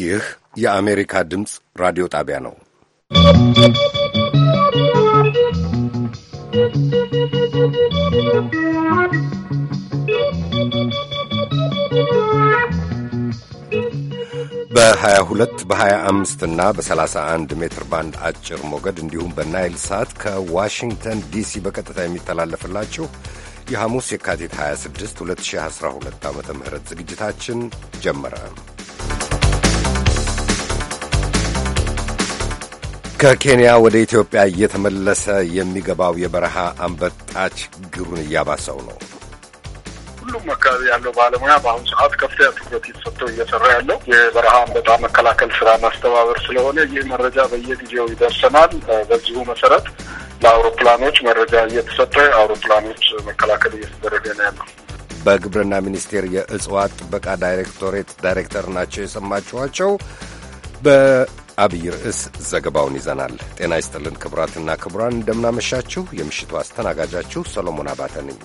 ይህ የአሜሪካ ድምፅ ራዲዮ ጣቢያ ነው። በ22 በ25 እና በ31 ሜትር ባንድ አጭር ሞገድ እንዲሁም በናይል ሳት ከዋሽንግተን ዲሲ በቀጥታ የሚተላለፍላችሁ የሐሙስ የካቲት 26 2012 ዓ ም ዝግጅታችን ጀመረ። ከኬንያ ወደ ኢትዮጵያ እየተመለሰ የሚገባው የበረሃ አንበጣ ችግሩን እያባሰው ነው። ሁሉም አካባቢ ያለው ባለሙያ በአሁኑ ሰዓት ከፍተኛ ትኩረት እየተሰጠው እየሰራ ያለው የበረሃ አንበጣ መከላከል ስራ ማስተባበር ስለሆነ ይህ መረጃ በየጊዜው ይደርሰናል። በዚሁ መሰረት ለአውሮፕላኖች መረጃ እየተሰጠ አውሮፕላኖች መከላከል እየተደረገ ነው ያለው። በግብርና ሚኒስቴር የእጽዋት ጥበቃ ዳይሬክቶሬት ዳይሬክተር ናቸው የሰማችኋቸው። አብይ ርዕስ ዘገባውን ይዘናል። ጤና ይስጥልን ክቡራትና ክቡራን፣ እንደምናመሻችሁ። የምሽቱ አስተናጋጃችሁ ሰሎሞን አባተ ነኝ።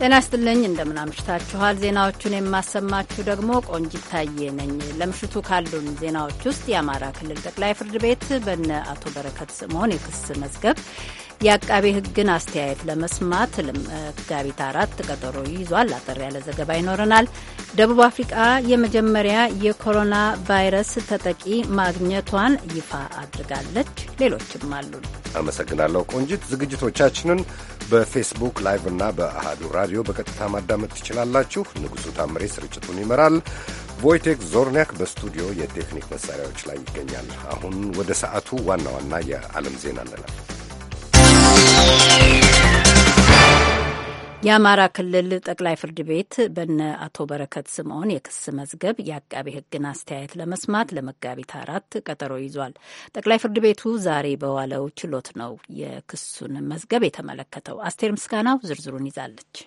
ጤና ይስጥልኝ፣ እንደምናመሽታችኋል። ዜናዎቹን የማሰማችሁ ደግሞ ቆንጂት ታዬ ነኝ። ለምሽቱ ካሉን ዜናዎች ውስጥ የአማራ ክልል ጠቅላይ ፍርድ ቤት በነ አቶ በረከት ስምዖን የክስ መዝገብ የአቃቤ ሕግን አስተያየት ለመስማት ለመጋቢት አራት ቀጠሮ ይዟል። አጠር ያለ ዘገባ ይኖረናል። ደቡብ አፍሪቃ የመጀመሪያ የኮሮና ቫይረስ ተጠቂ ማግኘቷን ይፋ አድርጋለች። ሌሎችም አሉ። አመሰግናለሁ ቆንጂት። ዝግጅቶቻችንን በፌስቡክ ላይቭ እና በአሃዱ ራዲዮ በቀጥታ ማዳመጥ ትችላላችሁ። ንጉሡ ታምሬ ስርጭቱን ይመራል። ቮይቴክ ዞርኒያክ በስቱዲዮ የቴክኒክ መሳሪያዎች ላይ ይገኛል። አሁን ወደ ሰዓቱ ዋና ዋና የዓለም ዜና አለናል። የአማራ ክልል ጠቅላይ ፍርድ ቤት በነ አቶ በረከት ስምዖን የክስ መዝገብ የአቃቤ ሕግን አስተያየት ለመስማት ለመጋቢት አራት ቀጠሮ ይዟል። ጠቅላይ ፍርድ ቤቱ ዛሬ በዋለው ችሎት ነው የክሱን መዝገብ የተመለከተው። አስቴር ምስጋናው ዝርዝሩን ይዛለች።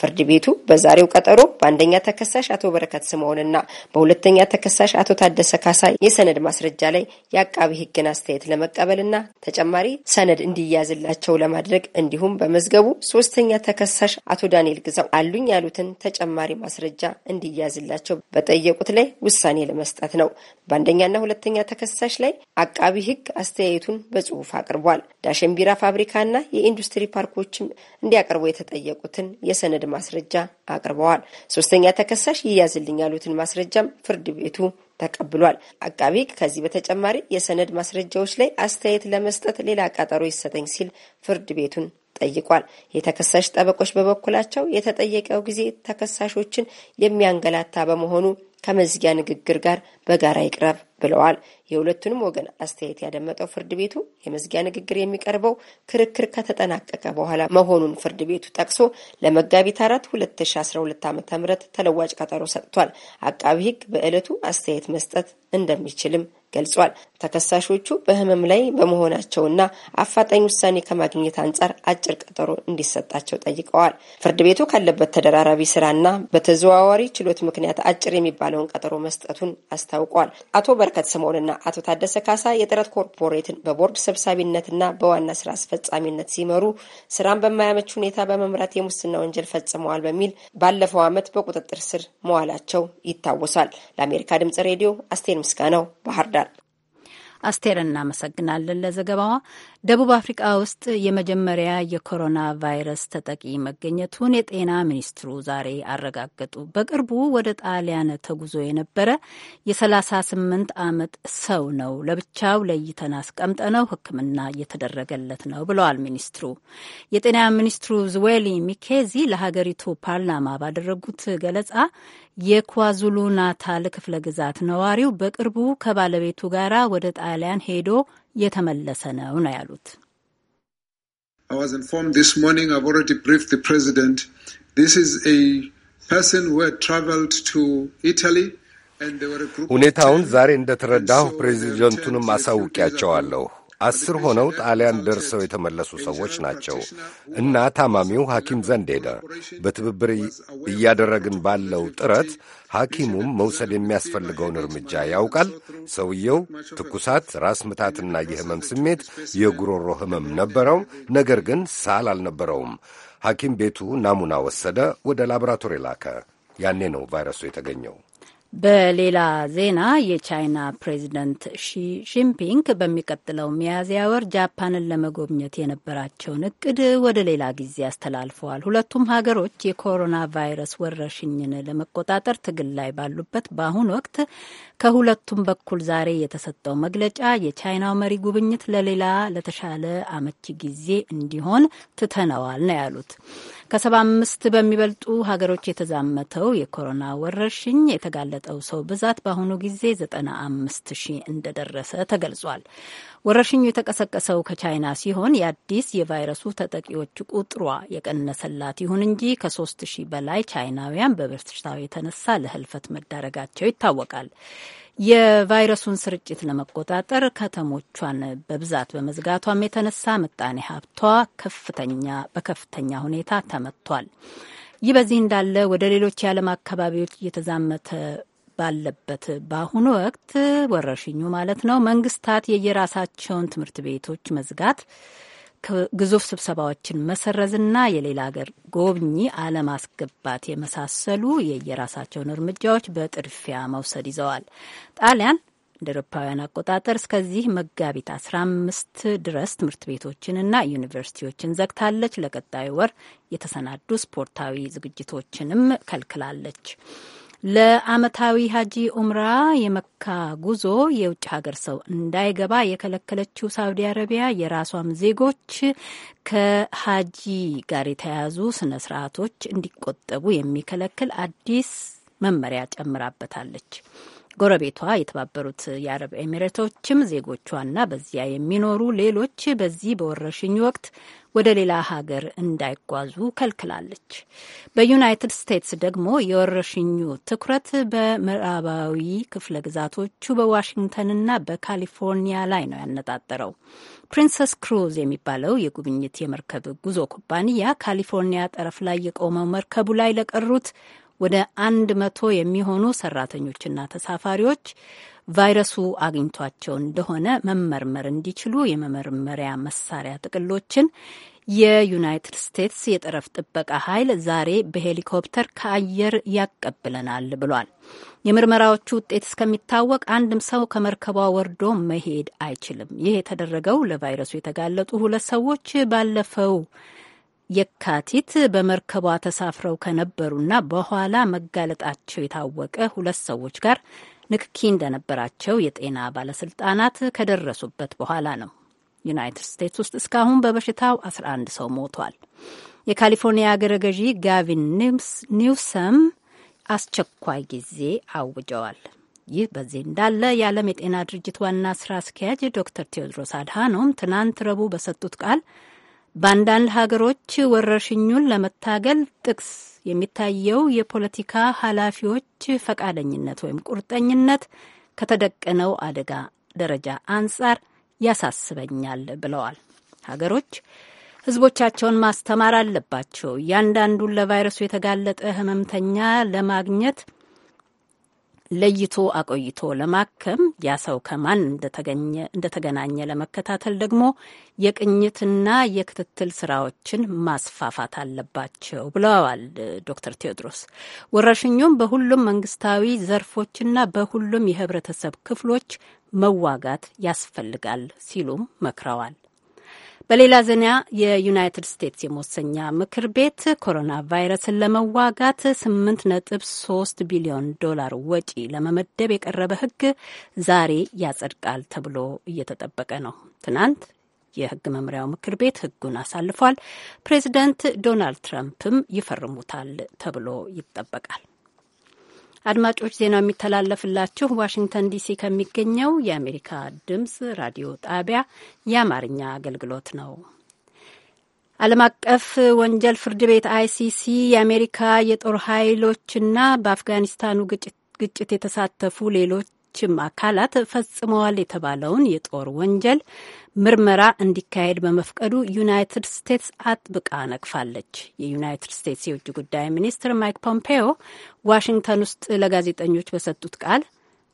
ፍርድ ቤቱ በዛሬው ቀጠሮ በአንደኛ ተከሳሽ አቶ በረከት ስምዖንና በሁለተኛ ተከሳሽ አቶ ታደሰ ካሳ የሰነድ ማስረጃ ላይ የአቃቢ ሕግን አስተያየት ለመቀበልና ተጨማሪ ሰነድ እንዲያዝላቸው ለማድረግ እንዲሁም በመዝገቡ ሶስተኛ ተከሳሽ አቶ ዳንኤል ግዛው አሉኝ ያሉትን ተጨማሪ ማስረጃ እንዲያዝላቸው በጠየቁት ላይ ውሳኔ ለመስጠት ነው። በአንደኛና ሁለተኛ ተከሳሽ ላይ አቃቢ ሕግ አስተያየቱን በጽሁፍ አቅርቧል። ዳሽን ቢራ ፋብሪካና የኢንዱስትሪ ፓርኮችም እንዲያቀርቡ የተጠየቁትን የሰነድ ማስረጃ አቅርበዋል። ሶስተኛ ተከሳሽ ይያዝልኝ ያሉትን ማስረጃም ፍርድ ቤቱ ተቀብሏል። አቃቢ ከዚህ በተጨማሪ የሰነድ ማስረጃዎች ላይ አስተያየት ለመስጠት ሌላ ቀጠሮ ይሰጠኝ ሲል ፍርድ ቤቱን ጠይቋል። የተከሳሽ ጠበቆች በበኩላቸው የተጠየቀው ጊዜ ተከሳሾችን የሚያንገላታ በመሆኑ ከመዝጊያ ንግግር ጋር በጋራ ይቅረብ ብለዋል። የሁለቱንም ወገን አስተያየት ያደመጠው ፍርድ ቤቱ የመዝጊያ ንግግር የሚቀርበው ክርክር ከተጠናቀቀ በኋላ መሆኑን ፍርድ ቤቱ ጠቅሶ ለመጋቢት አራት 2012 ዓ ም ተለዋጭ ቀጠሮ ሰጥቷል። አቃቢ ሕግ በዕለቱ አስተያየት መስጠት እንደሚችልም ገልጿል። ተከሳሾቹ በህመም ላይ በመሆናቸውና አፋጣኝ ውሳኔ ከማግኘት አንጻር አጭር ቀጠሮ እንዲሰጣቸው ጠይቀዋል። ፍርድ ቤቱ ካለበት ተደራራቢ ስራና በተዘዋዋሪ ችሎት ምክንያት አጭር የሚባለውን ቀጠሮ መስጠቱን አስታውቋል። አቶ በረከት ስምኦንና አቶ ታደሰ ካሳ የጥረት ኮርፖሬትን በቦርድ ሰብሳቢነትና በዋና ስራ አስፈጻሚነት ሲመሩ ስራን በማያመች ሁኔታ በመምራት የሙስና ወንጀል ፈጽመዋል በሚል ባለፈው ዓመት በቁጥጥር ስር መዋላቸው ይታወሳል። ለአሜሪካ ድምጽ ሬዲዮ አስቴን ምስጋናው ባህር ዳር። አስቴር እናመሰግናለን ለዘገባዋ። ደቡብ አፍሪቃ ውስጥ የመጀመሪያ የኮሮና ቫይረስ ተጠቂ መገኘቱን የጤና ሚኒስትሩ ዛሬ አረጋገጡ። በቅርቡ ወደ ጣሊያን ተጉዞ የነበረ የ38 ዓመት ሰው ነው። ለብቻው ለይተን አስቀምጠነው ሕክምና እየተደረገለት ነው ብለዋል ሚኒስትሩ። የጤና ሚኒስትሩ ዝዌሊ ሚኬዚ ለሀገሪቱ ፓርላማ ባደረጉት ገለጻ የኳዙሉ ናታል ክፍለ ግዛት ነዋሪው በቅርቡ ከባለቤቱ ጋር ወደ ጣሊያን ሄዶ የተመለሰ ነው ነው ያሉት። ሁኔታውን ዛሬ እንደተረዳሁ ፕሬዚደንቱንም አሳውቂያቸዋለሁ። አስር ሆነው ጣሊያን ደርሰው የተመለሱ ሰዎች ናቸው እና ታማሚው ሐኪም ዘንድ ሄደ። በትብብር እያደረግን ባለው ጥረት ሐኪሙም መውሰድ የሚያስፈልገውን እርምጃ ያውቃል። ሰውየው ትኩሳት፣ ራስ ምታትና የህመም ስሜት፣ የጉሮሮ ህመም ነበረው፣ ነገር ግን ሳል አልነበረውም። ሐኪም ቤቱ ናሙና ወሰደ፣ ወደ ላቦራቶሪ ላከ። ያኔ ነው ቫይረሱ የተገኘው። በሌላ ዜና የቻይና ፕሬዚደንት ሺ ጂንፒንግ በሚቀጥለው ሚያዝያ ወር ጃፓንን ለመጎብኘት የነበራቸውን እቅድ ወደ ሌላ ጊዜ አስተላልፈዋል። ሁለቱም ሀገሮች የኮሮና ቫይረስ ወረርሽኝን ለመቆጣጠር ትግል ላይ ባሉበት በአሁኑ ወቅት ከሁለቱም በኩል ዛሬ የተሰጠው መግለጫ የቻይናው መሪ ጉብኝት ለሌላ ለተሻለ አመቺ ጊዜ እንዲሆን ትተነዋል ነው ያሉት። ከሰባ አምስት በሚበልጡ ሀገሮች የተዛመተው የኮሮና ወረርሽኝ የተጋለጠው ሰው ብዛት በአሁኑ ጊዜ ዘጠና አምስት ሺህ እንደደረሰ ተገልጿል። ወረርሽኙ የተቀሰቀሰው ከቻይና ሲሆን የአዲስ የቫይረሱ ተጠቂዎች ቁጥሯ የቀነሰላት ይሁን እንጂ ከሶስት ሺህ በላይ ቻይናውያን በበሽታው የተነሳ ለህልፈት መዳረጋቸው ይታወቃል። የቫይረሱን ስርጭት ለመቆጣጠር ከተሞቿን በብዛት በመዝጋቷም የተነሳ ምጣኔ ሀብቷ ከፍተኛ በከፍተኛ ሁኔታ ተመቷል። ይህ በዚህ እንዳለ ወደ ሌሎች የዓለም አካባቢዎች እየተዛመተ ባለበት በአሁኑ ወቅት ወረርሽኙ ማለት ነው መንግስታት የየራሳቸውን ትምህርት ቤቶች መዝጋት ግዙፍ ስብሰባዎችን መሰረዝና የሌላ ሀገር ጎብኚ አለማስገባት የመሳሰሉ የየራሳቸውን እርምጃዎች በጥድፊያ መውሰድ ይዘዋል። ጣሊያን እንደ አውሮፓውያን አቆጣጠር እስከዚህ መጋቢት 15 ድረስ ትምህርት ቤቶችንና ዩኒቨርሲቲዎችን ዘግታለች። ለቀጣዩ ወር የተሰናዱ ስፖርታዊ ዝግጅቶችንም ከልክላለች። ለአመታዊ ሀጂ ኡምራ የመካ ጉዞ የውጭ ሀገር ሰው እንዳይገባ የከለከለችው ሳውዲ አረቢያ የራሷም ዜጎች ከሀጂ ጋር የተያያዙ ስነ ስርዓቶች እንዲቆጠቡ የሚከለክል አዲስ መመሪያ ጨምራበታለች። ጎረቤቷ የተባበሩት የአረብ ኤሚሬቶችም ዜጎቿና በዚያ የሚኖሩ ሌሎች በዚህ በወረርሽኝ ወቅት ወደ ሌላ ሀገር እንዳይጓዙ ከልክላለች። በዩናይትድ ስቴትስ ደግሞ የወረርሽኙ ትኩረት በምዕራባዊ ክፍለ ግዛቶቹ በዋሽንግተንና በካሊፎርኒያ ላይ ነው ያነጣጠረው። ፕሪንሰስ ክሩዝ የሚባለው የጉብኝት የመርከብ ጉዞ ኩባንያ ካሊፎርኒያ ጠረፍ ላይ የቆመው መርከቡ ላይ ለቀሩት ወደ አንድ መቶ የሚሆኑ ሰራተኞችና ተሳፋሪዎች ቫይረሱ አግኝቷቸው እንደሆነ መመርመር እንዲችሉ የመመርመሪያ መሳሪያ ጥቅሎችን የዩናይትድ ስቴትስ የጠረፍ ጥበቃ ኃይል ዛሬ በሄሊኮፕተር ከአየር ያቀብለናል ብሏል። የምርመራዎቹ ውጤት እስከሚታወቅ አንድም ሰው ከመርከቧ ወርዶ መሄድ አይችልም። ይህ የተደረገው ለቫይረሱ የተጋለጡ ሁለት ሰዎች ባለፈው የካቲት በመርከቧ ተሳፍረው ከነበሩና በኋላ መጋለጣቸው የታወቀ ሁለት ሰዎች ጋር ንክኪ እንደነበራቸው የጤና ባለስልጣናት ከደረሱበት በኋላ ነው። ዩናይትድ ስቴትስ ውስጥ እስካሁን በበሽታው 11 ሰው ሞቷል። የካሊፎርኒያ አገረ ገዢ ጋቪን ኒውሰም አስቸኳይ ጊዜ አውጀዋል። ይህ በዚህ እንዳለ የዓለም የጤና ድርጅት ዋና ስራ አስኪያጅ ዶክተር ቴዎድሮስ አድሃኖም ትናንት ረቡዕ በሰጡት ቃል በአንዳንድ ሀገሮች ወረርሽኙን ለመታገል ጥቅስ የሚታየው የፖለቲካ ኃላፊዎች ፈቃደኝነት ወይም ቁርጠኝነት ከተደቀነው አደጋ ደረጃ አንጻር ያሳስበኛል ብለዋል። ሀገሮች ህዝቦቻቸውን ማስተማር አለባቸው። እያንዳንዱን ለቫይረሱ የተጋለጠ ህመምተኛ ለማግኘት ለይቶ አቆይቶ ለማከም ያ ሰው ከማን እንደተገናኘ ለመከታተል ደግሞ የቅኝትና የክትትል ስራዎችን ማስፋፋት አለባቸው ብለዋል ዶክተር ቴዎድሮስ። ወረርሽኙም በሁሉም መንግስታዊ ዘርፎችና በሁሉም የህብረተሰብ ክፍሎች መዋጋት ያስፈልጋል ሲሉም መክረዋል። በሌላ ዜና የዩናይትድ ስቴትስ የመወሰኛ ምክር ቤት ኮሮና ቫይረስን ለመዋጋት ነጥብ ሶስት ቢሊዮን ዶላር ወጪ ለመመደብ የቀረበ ሕግ ዛሬ ያጸድቃል ተብሎ እየተጠበቀ ነው። ትናንት የህግ መምሪያው ምክር ቤት ህጉን አሳልፏል። ፕሬዚደንት ዶናልድ ትራምፕም ይፈርሙታል ተብሎ ይጠበቃል። አድማጮች ዜናው የሚተላለፍላችሁ ዋሽንግተን ዲሲ ከሚገኘው የአሜሪካ ድምፅ ራዲዮ ጣቢያ የአማርኛ አገልግሎት ነው። ዓለም አቀፍ ወንጀል ፍርድ ቤት አይሲሲ የአሜሪካ የጦር ኃይሎችና በአፍጋኒስታኑ ግጭት የተሳተፉ ሌሎች ሌሎችም አካላት ፈጽመዋል የተባለውን የጦር ወንጀል ምርመራ እንዲካሄድ በመፍቀዱ ዩናይትድ ስቴትስ አጥብቃ ነቅፋለች። የዩናይትድ ስቴትስ የውጭ ጉዳይ ሚኒስትር ማይክ ፖምፔዮ ዋሽንግተን ውስጥ ለጋዜጠኞች በሰጡት ቃል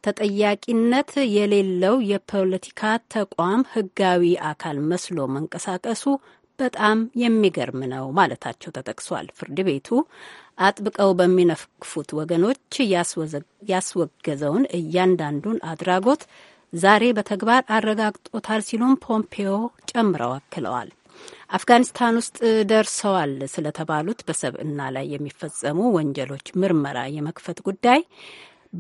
ተጠያቂነት የሌለው የፖለቲካ ተቋም ህጋዊ አካል መስሎ መንቀሳቀሱ በጣም የሚገርም ነው ማለታቸው ተጠቅሷል። ፍርድ ቤቱ አጥብቀው በሚነፍግፉት ወገኖች ያስወገዘውን እያንዳንዱን አድራጎት ዛሬ በተግባር አረጋግጦታል ሲሉም ፖምፔዮ ጨምረው አክለዋል። አፍጋኒስታን ውስጥ ደርሰዋል ስለተባሉት በሰብዕና ላይ የሚፈጸሙ ወንጀሎች ምርመራ የመክፈት ጉዳይ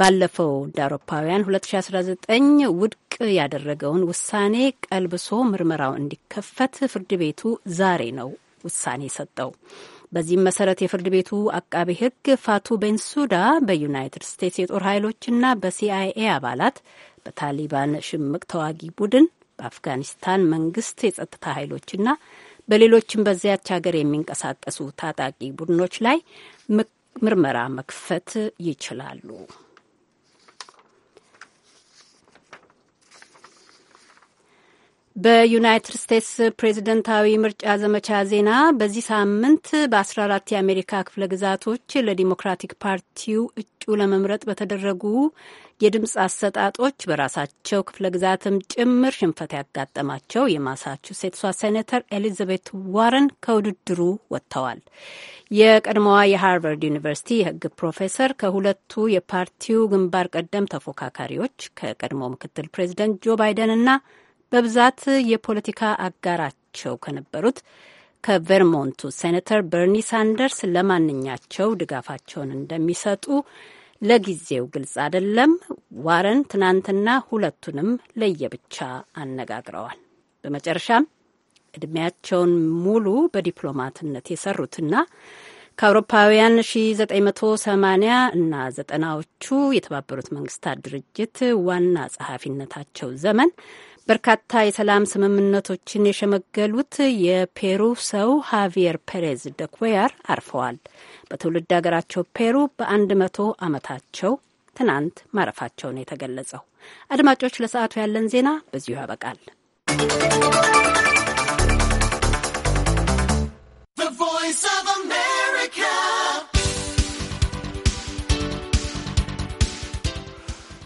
ባለፈው እንደ አውሮፓውያን 2019 ውድቅ ያደረገውን ውሳኔ ቀልብሶ ምርመራው እንዲከፈት ፍርድ ቤቱ ዛሬ ነው ውሳኔ ሰጠው። በዚህም መሰረት የፍርድ ቤቱ አቃቢ ሕግ ፋቱ ቤንሱዳ በዩናይትድ ስቴትስ የጦር ኃይሎችና በሲአይኤ አባላት በታሊባን ሽምቅ ተዋጊ ቡድን በአፍጋኒስታን መንግስት የጸጥታ ኃይሎችና በሌሎችም በዚያች ሀገር የሚንቀሳቀሱ ታጣቂ ቡድኖች ላይ ምርመራ መክፈት ይችላሉ። በዩናይትድ ስቴትስ ፕሬዝደንታዊ ምርጫ ዘመቻ ዜና በዚህ ሳምንት በ14 የአሜሪካ ክፍለ ግዛቶች ለዲሞክራቲክ ፓርቲው እጩ ለመምረጥ በተደረጉ የድምፅ አሰጣጦች በራሳቸው ክፍለ ግዛትም ጭምር ሽንፈት ያጋጠማቸው የማሳቹሴትሷ ሴኔተር ኤሊዛቤት ዋረን ከውድድሩ ወጥተዋል። የቀድሞዋ የሃርቨርድ ዩኒቨርሲቲ የሕግ ፕሮፌሰር ከሁለቱ የፓርቲው ግንባር ቀደም ተፎካካሪዎች ከቀድሞ ምክትል ፕሬዝደንት ጆ ባይደን እና በብዛት የፖለቲካ አጋራቸው ከነበሩት ከቬርሞንቱ ሴኔተር በርኒ ሳንደርስ ለማንኛቸው ድጋፋቸውን እንደሚሰጡ ለጊዜው ግልጽ አይደለም። ዋረን ትናንትና ሁለቱንም ለየብቻ አነጋግረዋል። በመጨረሻም ዕድሜያቸውን ሙሉ በዲፕሎማትነት የሰሩትና ከአውሮፓውያን 1980 እና ዘጠናዎቹ የተባበሩት መንግስታት ድርጅት ዋና ጸሐፊነታቸው ዘመን በርካታ የሰላም ስምምነቶችን የሸመገሉት የፔሩ ሰው ሃቪየር ፔሬዝ ደኩያር አርፈዋል። በትውልድ ሀገራቸው ፔሩ በአንድ መቶ ዓመታቸው ትናንት ማረፋቸውን የተገለጸው። አድማጮች፣ ለሰዓቱ ያለን ዜና በዚሁ ያበቃል።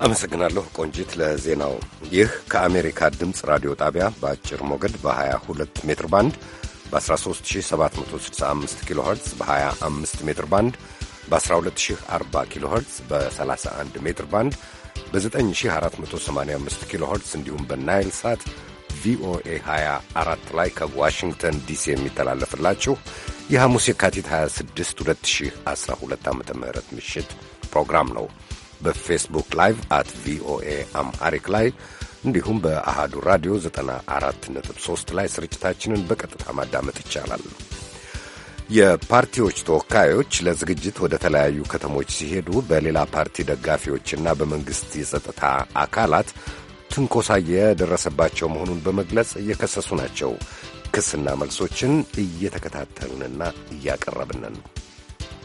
አመሰግናለሁ ቆንጂት ለዜናው። ይህ ከአሜሪካ ድምፅ ራዲዮ ጣቢያ በአጭር ሞገድ በ22 ሜትር ባንድ በ13765 ኪሎ ኸርትዝ በ25 ሜትር ባንድ በ1240 ኪሎ ኸርትዝ በ31 ሜትር ባንድ በ9485 ኪሎ ኸርትዝ እንዲሁም በናይል ሳት ቪኦኤ 24 ላይ ከዋሽንግተን ዲሲ የሚተላለፍላችሁ የሐሙስ የካቲት 26 2012 ዓ ም ምሽት ፕሮግራም ነው። በፌስቡክ ላይቭ አት ቪኦኤ አምሃሪክ ላይ እንዲሁም በአሃዱ ራዲዮ 94.3 ላይ ስርጭታችንን በቀጥታ ማዳመጥ ይቻላል። የፓርቲዎች ተወካዮች ለዝግጅት ወደ ተለያዩ ከተሞች ሲሄዱ በሌላ ፓርቲ ደጋፊዎችና በመንግሥት የጸጥታ አካላት ትንኮሳ የደረሰባቸው መሆኑን በመግለጽ እየከሰሱ ናቸው። ክስና መልሶችን እየተከታተልንና እያቀረብንን ነው።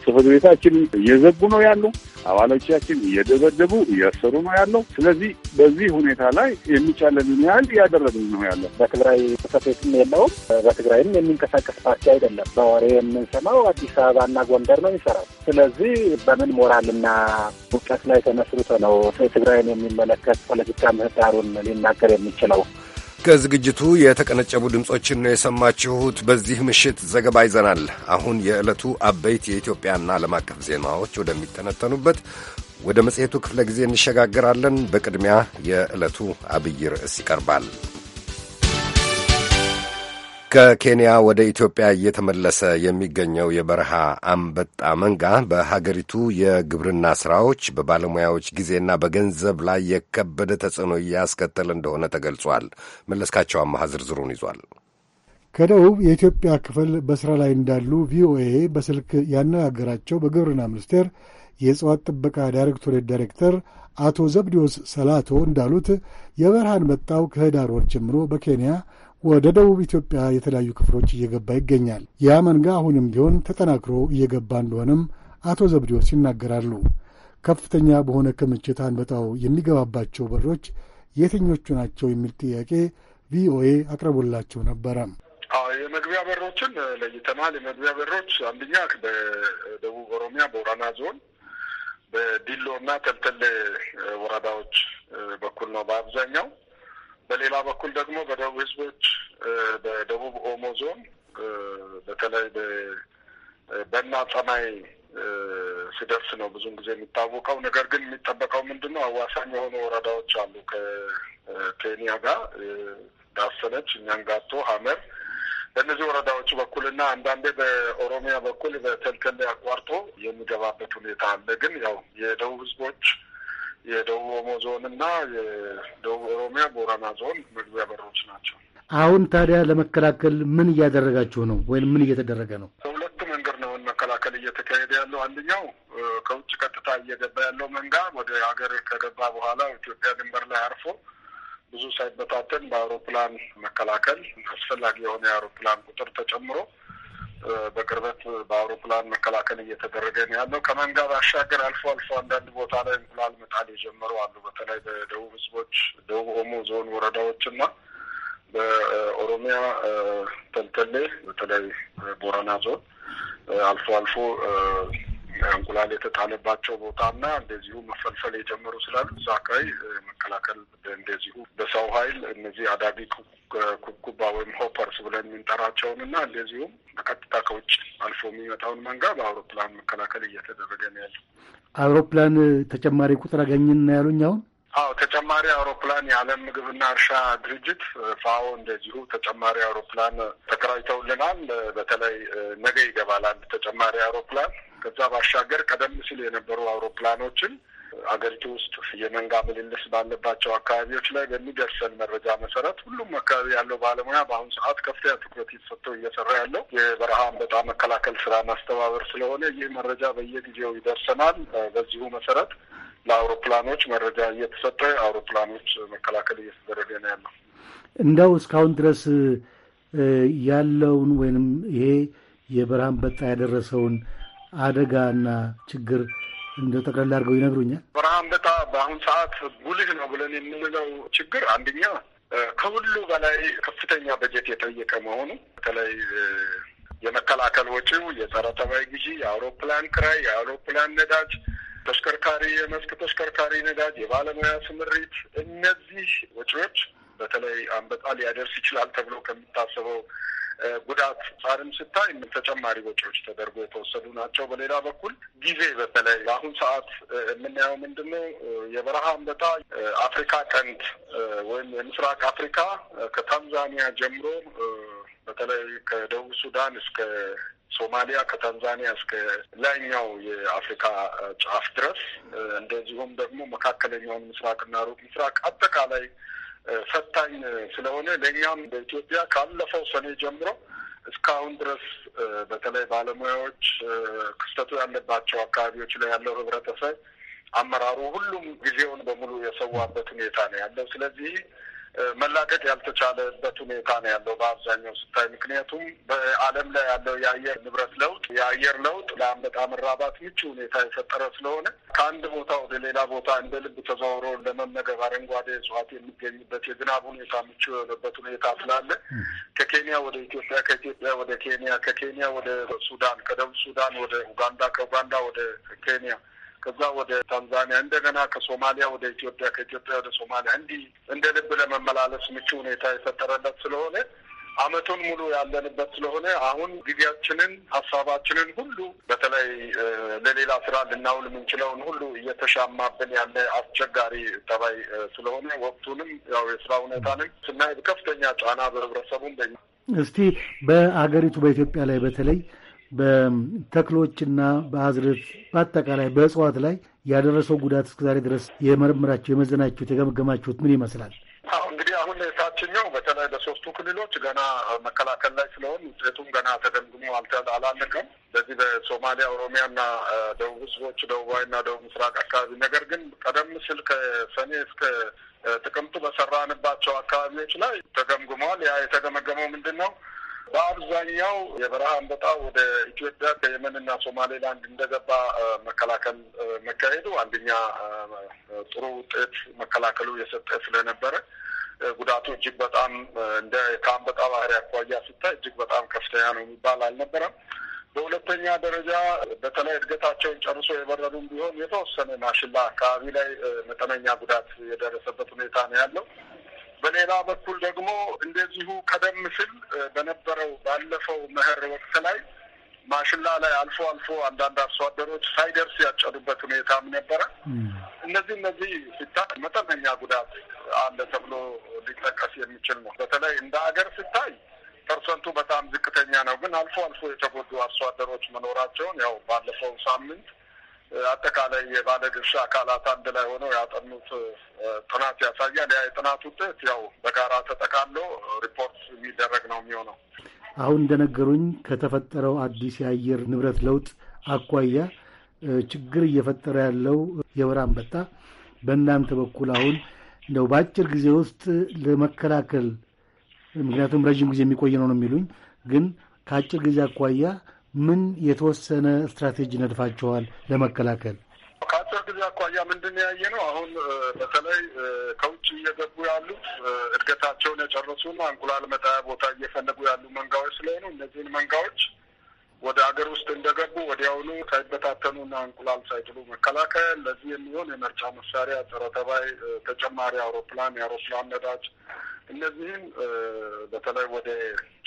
ጽሕፈት ቤታችን እየዘጉ ነው ያሉ አባሎቻችን እየደበደቡ እያሰሩ ነው ያለው። ስለዚህ በዚህ ሁኔታ ላይ የሚቻለንን ያህል እያደረግን ነው ያለው። በትግራይ ቤትም የለውም። በትግራይም የሚንቀሳቀስ ፓርቲ አይደለም። በወሬ የምንሰማው አዲስ አበባና ጎንደር ነው ይሰራል። ስለዚህ በምን ሞራልና ውቀት ላይ ተመስርቶ ነው ትግራይን የሚመለከት ፖለቲካ ምህዳሩን ሊናገር የሚችለው? ከዝግጅቱ የተቀነጨቡ ድምፆችን ነው የሰማችሁት። በዚህ ምሽት ዘገባ ይዘናል። አሁን የዕለቱ አበይት የኢትዮጵያና ዓለም አቀፍ ዜናዎች ወደሚተነተኑበት ወደ መጽሔቱ ክፍለ ጊዜ እንሸጋግራለን። በቅድሚያ የዕለቱ አብይ ርዕስ ይቀርባል። ከኬንያ ወደ ኢትዮጵያ እየተመለሰ የሚገኘው የበረሃ አንበጣ መንጋ በሀገሪቱ የግብርና ስራዎች በባለሙያዎች ጊዜና በገንዘብ ላይ የከበደ ተጽዕኖ እያስከተለ እንደሆነ ተገልጿል። መለስካቸው አማሃ ዝርዝሩን ይዟል። ከደቡብ የኢትዮጵያ ክፍል በሥራ ላይ እንዳሉ ቪኦኤ በስልክ ያነጋገራቸው በግብርና ሚኒስቴር የእጽዋት ጥበቃ ዳይሬክቶሬት ዳይሬክተር አቶ ዘብዲዮስ ሰላቶ እንዳሉት የበረሃ አንበጣው ከህዳር ወር ጀምሮ በኬንያ ወደ ደቡብ ኢትዮጵያ የተለያዩ ክፍሎች እየገባ ይገኛል። ያ መንጋ አሁንም ቢሆን ተጠናክሮ እየገባ እንደሆነም አቶ ዘብዲዎስ ይናገራሉ። ከፍተኛ በሆነ ክምችት አንበጣው የሚገባባቸው በሮች የትኞቹ ናቸው የሚል ጥያቄ ቪኦኤ አቅርቦላቸው ነበረ። የመግቢያ በሮችን ለይተናል። የመግቢያ በሮች አንደኛ በደቡብ ኦሮሚያ በቦረና ዞን በዲሎ እና ተልተሌ ወረዳዎች በኩል ነው በአብዛኛው በሌላ በኩል ደግሞ በደቡብ ህዝቦች በደቡብ ኦሞ ዞን በተለይ በእና ጸማይ ሲደርስ ነው ብዙን ጊዜ የሚታወቀው። ነገር ግን የሚጠበቀው ምንድን ነው? አዋሳኝ የሆኑ ወረዳዎች አሉ ከኬንያ ጋር ዳሰነች፣ እኛንጋቶ፣ ሀመር በእነዚህ ወረዳዎች በኩል እና አንዳንዴ በኦሮሚያ በኩል ላይ አቋርጦ የሚገባበት ሁኔታ አለ። ግን ያው የደቡብ ህዝቦች የደቡብ ኦሞ ዞን እና የደቡብ ኦሮሚያ ቦረና ዞን መግቢያ በሮች ናቸው። አሁን ታዲያ ለመከላከል ምን እያደረጋችሁ ነው? ወይም ምን እየተደረገ ነው? በሁለት መንገድ ነው መከላከል እየተካሄደ ያለው። አንደኛው ከውጭ ቀጥታ እየገባ ያለው መንጋ ወደ ሀገር ከገባ በኋላ ኢትዮጵያ ድንበር ላይ አርፎ ብዙ ሳይበታተን በአውሮፕላን መከላከል አስፈላጊ የሆነ የአውሮፕላን ቁጥር ተጨምሮ በቅርበት በአውሮፕላን መከላከል እየተደረገ ነው ያለው። ከመንጋ ባሻገር አልፎ አልፎ አንዳንድ ቦታ ላይ እንቁላል መጣል የጀመሩ አሉ። በተለይ በደቡብ ህዝቦች፣ ደቡብ ኦሞ ዞን ወረዳዎች እና በኦሮሚያ ተልተሌ፣ በተለይ ቦረና ዞን አልፎ አልፎ እንቁላል የተጣለባቸው ቦታና እንደዚሁ መፈልፈል የጀመሩ ስላሉ እዛ አካባቢ መከላከል እንደዚሁ በሰው ኃይል እነዚህ አዳጊ ኩብኩባ ወይም ሆፐርስ ብለን የምንጠራቸውን እና እንደዚሁም በቀጥታ ከውጭ አልፎ የሚመጣውን መንጋ በአውሮፕላን መከላከል እየተደረገ ነው ያለው። አውሮፕላን ተጨማሪ ቁጥር አገኝና ያሉኝ አሁን አዎ ተጨማሪ አውሮፕላን የዓለም ምግብና እርሻ ድርጅት ፋኦ እንደዚሁ ተጨማሪ አውሮፕላን ተከራይተውልናል። በተለይ ነገ ይገባል አንድ ተጨማሪ አውሮፕላን ከዛ ባሻገር ቀደም ሲል የነበሩ አውሮፕላኖችን አገሪቱ ውስጥ የመንጋ ምልልስ ባለባቸው አካባቢዎች ላይ በሚደርሰን መረጃ መሰረት ሁሉም አካባቢ ያለው ባለሙያ በአሁኑ ሰዓት ከፍተኛ ትኩረት እየሰጠው እየሰራ ያለው የበረሃ አንበጣ መከላከል ስራ ማስተባበር ስለሆነ ይህ መረጃ በየጊዜው ይደርሰናል። በዚሁ መሰረት ለአውሮፕላኖች መረጃ እየተሰጠ አውሮፕላኖች መከላከል እየተደረገ ነው ያለው። እንደው እስካሁን ድረስ ያለውን ወይንም ይሄ የበረሃ አንበጣ ያደረሰውን አደጋና ችግር እንደ ጠቅላላ አድርገው ይነግሩኛል። በረሃ አንበጣ በአሁኑ ሰዓት ጉልህ ነው ብለን የምንለው ችግር አንደኛ ከሁሉ በላይ ከፍተኛ በጀት የጠየቀ መሆኑ በተለይ የመከላከል ወጪው፣ የጸረ ተባይ ግዢ፣ የአውሮፕላን ክራይ፣ የአውሮፕላን ነዳጅ፣ ተሽከርካሪ የመስክ ተሽከርካሪ ነዳጅ፣ የባለሙያ ስምሪት፣ እነዚህ ወጪዎች በተለይ አንበጣ ሊያደርስ ይችላል ተብሎ ከሚታሰበው ጉዳት ሳርም ስታይ ተጨማሪ ወጪዎች ተደርጎ የተወሰዱ ናቸው። በሌላ በኩል ጊዜ በተለይ በአሁን ሰዓት የምናየው ምንድን ነው የበረሃ አንበጣ አፍሪካ ቀንድ ወይም የምስራቅ አፍሪካ ከታንዛኒያ ጀምሮ በተለይ ከደቡብ ሱዳን እስከ ሶማሊያ ከታንዛኒያ እስከ ላይኛው የአፍሪካ ጫፍ ድረስ እንደዚሁም ደግሞ መካከለኛውን ምስራቅና ሩቅ ምስራቅ አጠቃላይ ፈታኝ ስለሆነ ለእኛም በኢትዮጵያ ካለፈው ሰኔ ጀምሮ እስካሁን ድረስ በተለይ ባለሙያዎች፣ ክስተቱ ያለባቸው አካባቢዎች ላይ ያለው ህብረተሰብ፣ አመራሩ ሁሉም ጊዜውን በሙሉ የሰዋበት ሁኔታ ነው ያለው። ስለዚህ መላቀቅ ያልተቻለበት ሁኔታ ነው ያለው በአብዛኛው ስታይ። ምክንያቱም በዓለም ላይ ያለው የአየር ንብረት ለውጥ የአየር ለውጥ ለአንበጣ መራባት ምቹ ሁኔታ የፈጠረ ስለሆነ ከአንድ ቦታ ወደ ሌላ ቦታ እንደ ልብ ተዘዋውሮ ለመመገብ አረንጓዴ እጽዋት የሚገኝበት የዝናብ ሁኔታ ምቹ የሆነበት ሁኔታ ስላለ ከኬንያ ወደ ኢትዮጵያ፣ ከኢትዮጵያ ወደ ኬንያ፣ ከኬንያ ወደ ሱዳን፣ ከደቡብ ሱዳን ወደ ኡጋንዳ፣ ከኡጋንዳ ወደ ኬንያ ከዛ ወደ ታንዛኒያ፣ እንደገና ከሶማሊያ ወደ ኢትዮጵያ፣ ከኢትዮጵያ ወደ ሶማሊያ እንዲህ እንደ ልብ ለመመላለስ ምቹ ሁኔታ የፈጠረለት ስለሆነ አመቱን ሙሉ ያለንበት ስለሆነ አሁን ጊዜያችንን ሀሳባችንን ሁሉ በተለይ ለሌላ ስራ ልናውል የምንችለውን ሁሉ እየተሻማብን ያለ አስቸጋሪ ተባይ ስለሆነ ወቅቱንም ያው የስራ ሁኔታንም ስናይ ከፍተኛ ጫና በህብረተሰቡም በ እስቲ በአገሪቱ በኢትዮጵያ ላይ በተለይ በተክሎችና በአዝርት በአጠቃላይ በእጽዋት ላይ ያደረሰው ጉዳት እስከዛሬ ድረስ የመረመራችሁ፣ የመዘናችሁት፣ የገመገማችሁት ምን ይመስላል? እንግዲህ አሁን የታችኛው በተለይ በሶስቱ ክልሎች ገና መከላከል ላይ ስለሆን ውጤቱም ገና ተገምግሞ አላለቀም። በዚህ በሶማሊያ ኦሮሚያና ደቡብ ህዝቦች ደቡባዊና ደቡብ ምስራቅ አካባቢ ነገር ግን ቀደም ሲል ከሰኔ እስከ ጥቅምቱ በሰራንባቸው አካባቢዎች ላይ ተገምግመዋል። ያ የተገመገመው ምንድን ነው? በአብዛኛው የበረሃ አንበጣ ወደ ኢትዮጵያ ከየመንና ሶማሌላንድ እንደገባ መከላከል መካሄዱ አንደኛ ጥሩ ውጤት መከላከሉ የሰጠ ስለነበረ ጉዳቱ እጅግ በጣም እንደ ከአንበጣ ባህሪ አኳያ ሲታይ እጅግ በጣም ከፍተኛ ነው የሚባል አልነበረም። በሁለተኛ ደረጃ በተለይ እድገታቸውን ጨርሶ የበረዱም ቢሆን የተወሰነ ማሽላ አካባቢ ላይ መጠነኛ ጉዳት የደረሰበት ሁኔታ ነው ያለው። በሌላ በኩል ደግሞ እንደዚሁ ቀደም ሲል በነበረው ባለፈው መኸር ወቅት ላይ ማሽላ ላይ አልፎ አልፎ አንዳንድ አርሶ አደሮች ሳይደርስ ያጨዱበት ሁኔታም ነበረ። እነዚህ እነዚህ ሲታይ መጠነኛ ጉዳት አለ ተብሎ ሊጠቀስ የሚችል ነው። በተለይ እንደ ሀገር ሲታይ ፐርሰንቱ በጣም ዝቅተኛ ነው። ግን አልፎ አልፎ የተጎዱ አርሶ አደሮች መኖራቸውን ያው ባለፈው ሳምንት አጠቃላይ የባለ ድርሻ አካላት አንድ ላይ ሆነው ያጠኑት ጥናት ያሳያል። ያ የጥናት ውጤት ያው በጋራ ተጠቃሎ ሪፖርት የሚደረግ ነው የሚሆነው። አሁን እንደነገሩኝ ከተፈጠረው አዲስ የአየር ንብረት ለውጥ አኳያ ችግር እየፈጠረ ያለው የወር አንበጣ በእናንተ በኩል አሁን እንደው በአጭር ጊዜ ውስጥ ለመከላከል ምክንያቱም ረዥም ጊዜ የሚቆይ ነው ነው የሚሉኝ ግን ከአጭር ጊዜ አኳያ ምን የተወሰነ ስትራቴጂ ነድፋችኋል ለመከላከል? ከአጭር ጊዜ አኳያ ምንድን ያየ ነው? አሁን በተለይ ከውጭ እየገቡ ያሉት እድገታቸውን የጨረሱና እንቁላል መጣያ ቦታ እየፈለጉ ያሉ መንጋዎች ስለሆኑ እነዚህን መንጋዎች ወደ ሀገር ውስጥ እንደገቡ ወዲያውኑ ሳይበታተኑና እንቁላል ሳይጥሉ መከላከል፣ ለዚህ የሚሆን የመርጫ መሳሪያ፣ ጸረ ተባይ፣ ተጨማሪ አውሮፕላን፣ የአውሮፕላን ነዳጅ እነዚህም በተለይ ወደ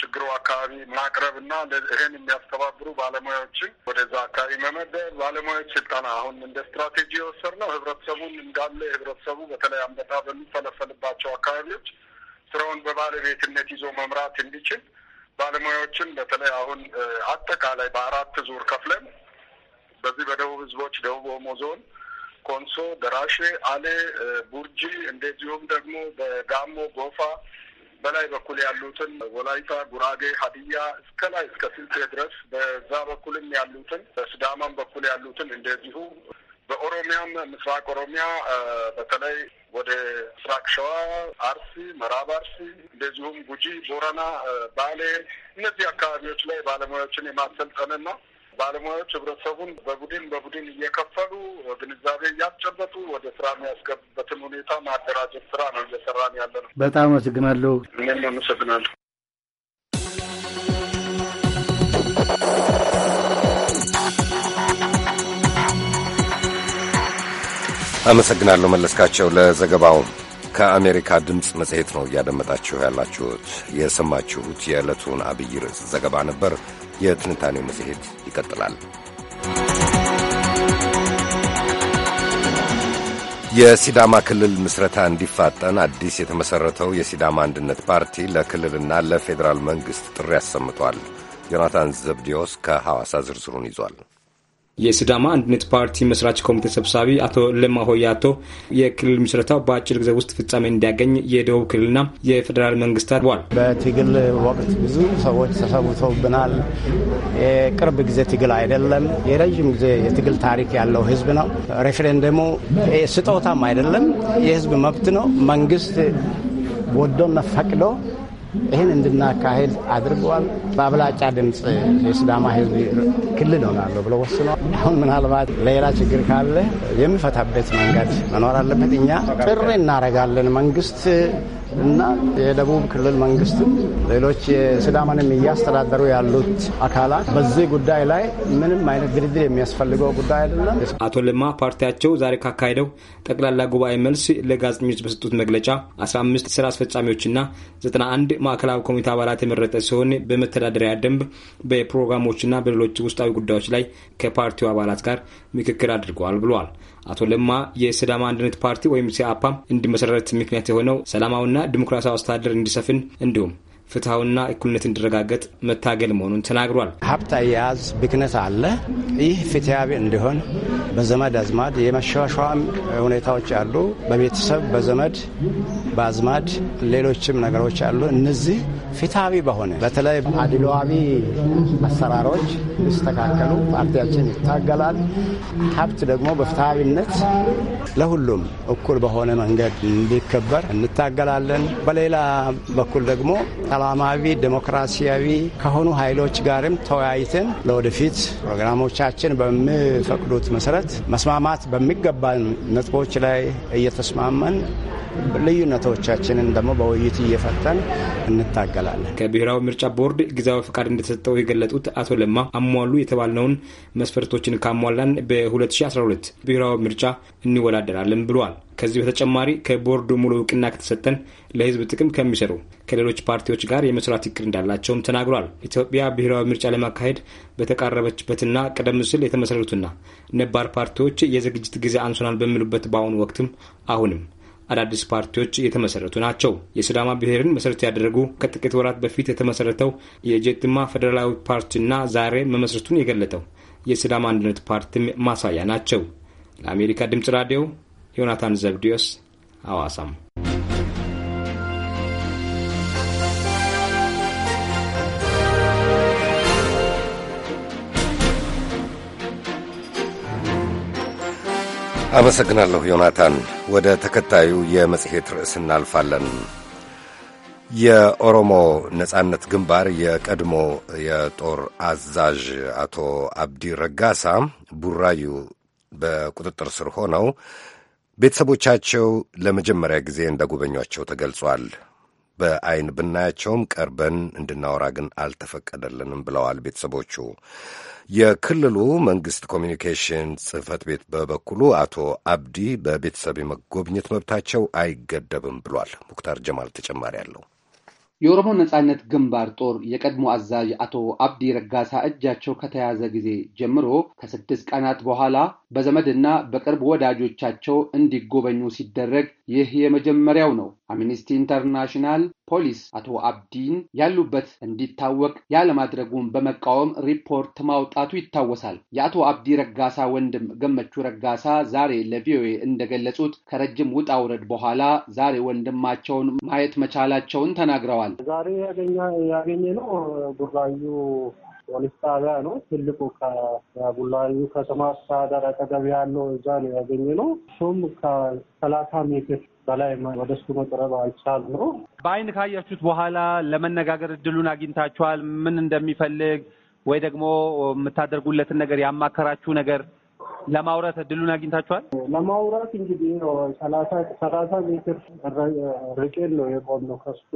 ችግሩ አካባቢ ማቅረብ እና ይህን የሚያስተባብሩ ባለሙያዎችን ወደዛ አካባቢ መመደብ፣ ባለሙያዎች ስልጠና አሁን እንደ ስትራቴጂ የወሰድነው ህብረተሰቡን እንዳለ ህብረተሰቡ በተለይ አንበጣ በሚፈለፈልባቸው አካባቢዎች ስራውን በባለቤትነት ይዞ መምራት እንዲችል ባለሙያዎችን በተለይ አሁን አጠቃላይ በአራት ዙር ከፍለን በዚህ በደቡብ ህዝቦች ደቡብ ኦሞ ዞን ኮንሶ፣ ደራሼ፣ አሌ፣ ቡርጂ እንደዚሁም ደግሞ በጋሞ ጎፋ በላይ በኩል ያሉትን ወላይታ፣ ጉራጌ፣ ሀዲያ እስከ ላይ እስከ ስልጤ ድረስ በዛ በኩልም ያሉትን በስዳማም በኩል ያሉትን እንደዚሁ በኦሮሚያም ምስራቅ ኦሮሚያ በተለይ ወደ ምስራቅ ሸዋ፣ አርሲ፣ ምዕራብ አርሲ እንደዚሁም ጉጂ፣ ቦረና፣ ባሌ እነዚህ አካባቢዎች ላይ ባለሙያዎችን የማሰልጠንና ባለሙያዎች ህብረተሰቡን በቡድን በቡድን እየከፈሉ ግንዛቤ እያስጨበጡ ወደ ስራ የሚያስገቡበትን ሁኔታ ማደራጀት ስራ ነው እየሰራን ያለ ነው። በጣም አመሰግናለሁ። እኔም አመሰግናለሁ። አመሰግናለሁ መለስካቸው ለዘገባው። ከአሜሪካ ድምፅ መጽሔት ነው እያደመጣችሁ ያላችሁት። የሰማችሁት የዕለቱን አብይ ርዕስ ዘገባ ነበር። የትንታኔው መጽሔት ይቀጥላል። የሲዳማ ክልል ምስረታ እንዲፋጠን አዲስ የተመሠረተው የሲዳማ አንድነት ፓርቲ ለክልልና ለፌዴራል መንግሥት ጥሪ አሰምቷል። ዮናታን ዘብዲዮስ ከሐዋሳ ዝርዝሩን ይዟል። የስዳማ አንድነት ፓርቲ መስራች ኮሚቴ ሰብሳቢ አቶ ለማ ሆያቶ የክልል ምስረታው በአጭር ጊዜ ውስጥ ፍጻሜ እንዲያገኝ የደቡብ ክልልና የፌዴራል መንግስት አድቧል። በትግል ወቅት ብዙ ሰዎች ተሰውተውብናል። የቅርብ ጊዜ ትግል አይደለም። የረዥም ጊዜ የትግል ታሪክ ያለው ህዝብ ነው። ሬፍሬንደሙ ስጦታም አይደለም፣ የህዝብ መብት ነው። መንግስት ወዶና ፈቅዶ ይህን እንድናካሄድ አድርገዋል። በአብላጫ ድምፅ የሲዳማ ህዝብ ክልል ሆናለሁ ብሎ ወስነዋል። አሁን ምናልባት ሌላ ችግር ካለ የሚፈታበት መንገድ መኖር አለበት። እኛ ጥሪ እናደርጋለን መንግስት እና የደቡብ ክልል መንግስትም ሌሎች ስዳማንም እያስተዳደሩ ያሉት አካላት በዚህ ጉዳይ ላይ ምንም አይነት ድርድር የሚያስፈልገው ጉዳይ አይደለም። አቶ ልማ ፓርቲያቸው ዛሬ ካካሄደው ጠቅላላ ጉባኤ መልስ ለጋዜጠኞች በሰጡት መግለጫ 15 ስራ አስፈጻሚዎችና 91 ማዕከላዊ ኮሚቴ አባላት የመረጠ ሲሆን በመተዳደሪያ ደንብ በፕሮግራሞችና በሌሎች ውስጣዊ ጉዳዮች ላይ ከፓርቲው አባላት ጋር ምክክር አድርገዋል ብለዋል። አቶ ለማ የስዳማ አንድነት ፓርቲ ወይም ሲአፓም እንዲመሰረት ምክንያት የሆነው ሰላማዊና ዲሞክራሲያዊ አስተዳደር እንዲሰፍን እንዲሁም ፍትሐውና እኩልነት እንዲረጋገጥ መታገል መሆኑን ተናግሯል። ሀብት አያያዝ ብክነት አለ። ይህ ፍትሐዊ እንዲሆን በዘመድ አዝማድ የመሸዋሸዋም ሁኔታዎች አሉ። በቤተሰብ በዘመድ በአዝማድ ሌሎችም ነገሮች አሉ። እነዚህ ፍትሐዊ በሆነ በተለይ አድሏዊ አሰራሮች ይስተካከሉ፣ ፓርቲያችን ይታገላል። ሀብት ደግሞ በፍትሐዊነት ለሁሉም እኩል በሆነ መንገድ እንዲከበር እንታገላለን። በሌላ በኩል ደግሞ ሰላማዊ ዴሞክራሲያዊ ከሆኑ ኃይሎች ጋርም ተወያይተን ለወደፊት ፕሮግራሞቻችን በሚፈቅዱት መሰረት መስማማት በሚገባን ነጥቦች ላይ እየተስማመን ልዩነቶቻችንን ደግሞ በውይይት እየፈተን እንታገላለን። ከብሔራዊ ምርጫ ቦርድ ጊዜያዊ ፈቃድ እንደተሰጠው የገለጡት አቶ ለማ አሟሉ የተባልነውን መስፈርቶችን ካሟላን በ2012 ብሔራዊ ምርጫ እንወዳደራለን ብሏል። ከዚህ በተጨማሪ ከቦርዱ ሙሉ እውቅና ከተሰጠን ለህዝብ ጥቅም ከሚሰሩ ከሌሎች ፓርቲዎች ጋር የመስራት እቅድ እንዳላቸውም ተናግሯል። ኢትዮጵያ ብሔራዊ ምርጫ ለማካሄድ በተቃረበችበትና ቀደም ሲል የተመሰረቱና ነባር ፓርቲዎች የዝግጅት ጊዜ አንሶናል በሚሉበት በአሁኑ ወቅትም አሁንም አዳዲስ ፓርቲዎች የተመሰረቱ ናቸው። የሲዳማ ብሔርን መሰረት ያደረጉ ከጥቂት ወራት በፊት የተመሰረተው የጀትማ ፌዴራላዊ ፓርቲና ዛሬ መመስረቱን የገለጠው የሲዳማ አንድነት ፓርቲም ማሳያ ናቸው። ለአሜሪካ ድምጽ ራዲዮ ዮናታን ዘብዲዮስ ሐዋሳም አመሰግናለሁ ዮናታን። ወደ ተከታዩ የመጽሔት ርዕስ እናልፋለን። የኦሮሞ ነጻነት ግንባር የቀድሞ የጦር አዛዥ አቶ አብዲ ረጋሳ ቡራዩ በቁጥጥር ስር ሆነው ቤተሰቦቻቸው ለመጀመሪያ ጊዜ እንደ ጎበኟቸው ተገልጿል። በአይን ብናያቸውም ቀርበን እንድናወራ ግን አልተፈቀደልንም ብለዋል ቤተሰቦቹ። የክልሉ መንግስት ኮሚኒኬሽን ጽህፈት ቤት በበኩሉ አቶ አብዲ በቤተሰብ የመጎብኘት መብታቸው አይገደብም ብሏል። ሙክታር ጀማል ተጨማሪ አለው። የኦሮሞ ነጻነት ግንባር ጦር የቀድሞ አዛዥ አቶ አብዲ ረጋሳ እጃቸው ከተያዘ ጊዜ ጀምሮ ከስድስት ቀናት በኋላ በዘመድና በቅርብ ወዳጆቻቸው እንዲጎበኙ ሲደረግ ይህ የመጀመሪያው ነው። አምኒስቲ ኢንተርናሽናል ፖሊስ አቶ አብዲን ያሉበት እንዲታወቅ ያለማድረጉን በመቃወም ሪፖርት ማውጣቱ ይታወሳል። የአቶ አብዲ ረጋሳ ወንድም ገመቹ ረጋሳ ዛሬ ለቪኦኤ እንደገለጹት ከረጅም ውጣ ውረድ በኋላ ዛሬ ወንድማቸውን ማየት መቻላቸውን ተናግረዋል። ዛሬ ያገኘ ነው ጉራዩ ፖሊስ ጣቢያ ነው። ትልቁ ከቡላዩ ከተማ አስተዳደር አጠገብ ያለው እዛ ነው ያገኘ ነው። እሱም ከሰላሳ ሜትር በላይ ወደሱ መቅረብ አይቻል ኑሮ በአይን ካያችሁት በኋላ ለመነጋገር እድሉን አግኝታችኋል? ምን እንደሚፈልግ ወይ ደግሞ የምታደርጉለትን ነገር ያማከራችሁ ነገር ለማውራት እድሉን አግኝታችኋል? ለማውራት እንግዲህ ሰላሳ ሰላሳ ሜትር ርቄን ነው የቆምነው። ከሱ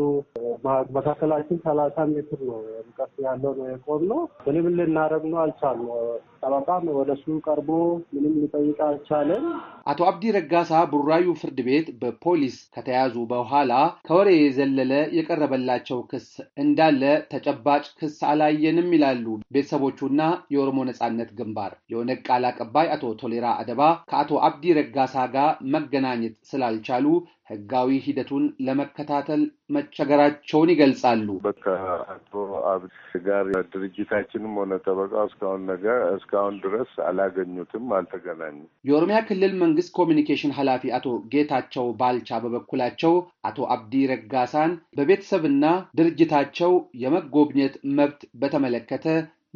መካከላችን ሰላሳ ሜትር ነው ርቀት ያለው ነው የቆምነው። ምንም ልናረግ ነው አልቻልነው። ጠበቃም ወደ ቀርቦ ምንም ሊጠይቅ አልቻለም። አቶ አብዲ ረጋሳ ቡራዩ ፍርድ ቤት በፖሊስ ከተያዙ በኋላ ከወሬ የዘለለ የቀረበላቸው ክስ እንዳለ ተጨባጭ ክስ አላየንም ይላሉ ቤተሰቦቹና የኦሮሞ ነጻነት ግንባር የኦነግ ቃል አቀባይ አቶ ቶሌራ አደባ ከአቶ አብዲ ረጋሳ ጋር መገናኘት ስላልቻሉ ህጋዊ ሂደቱን ለመከታተል መቸገራቸውን ይገልጻሉ። ከአቶ አብዲ ጋር ድርጅታችንም ሆነ ጠበቃው እስካሁን ነገ እስካሁን ድረስ አላገኙትም፣ አልተገናኙም። የኦሮሚያ ክልል መንግስት ኮሚኒኬሽን ኃላፊ አቶ ጌታቸው ባልቻ በበኩላቸው አቶ አብዲ ረጋሳን በቤተሰብና ድርጅታቸው የመጎብኘት መብት በተመለከተ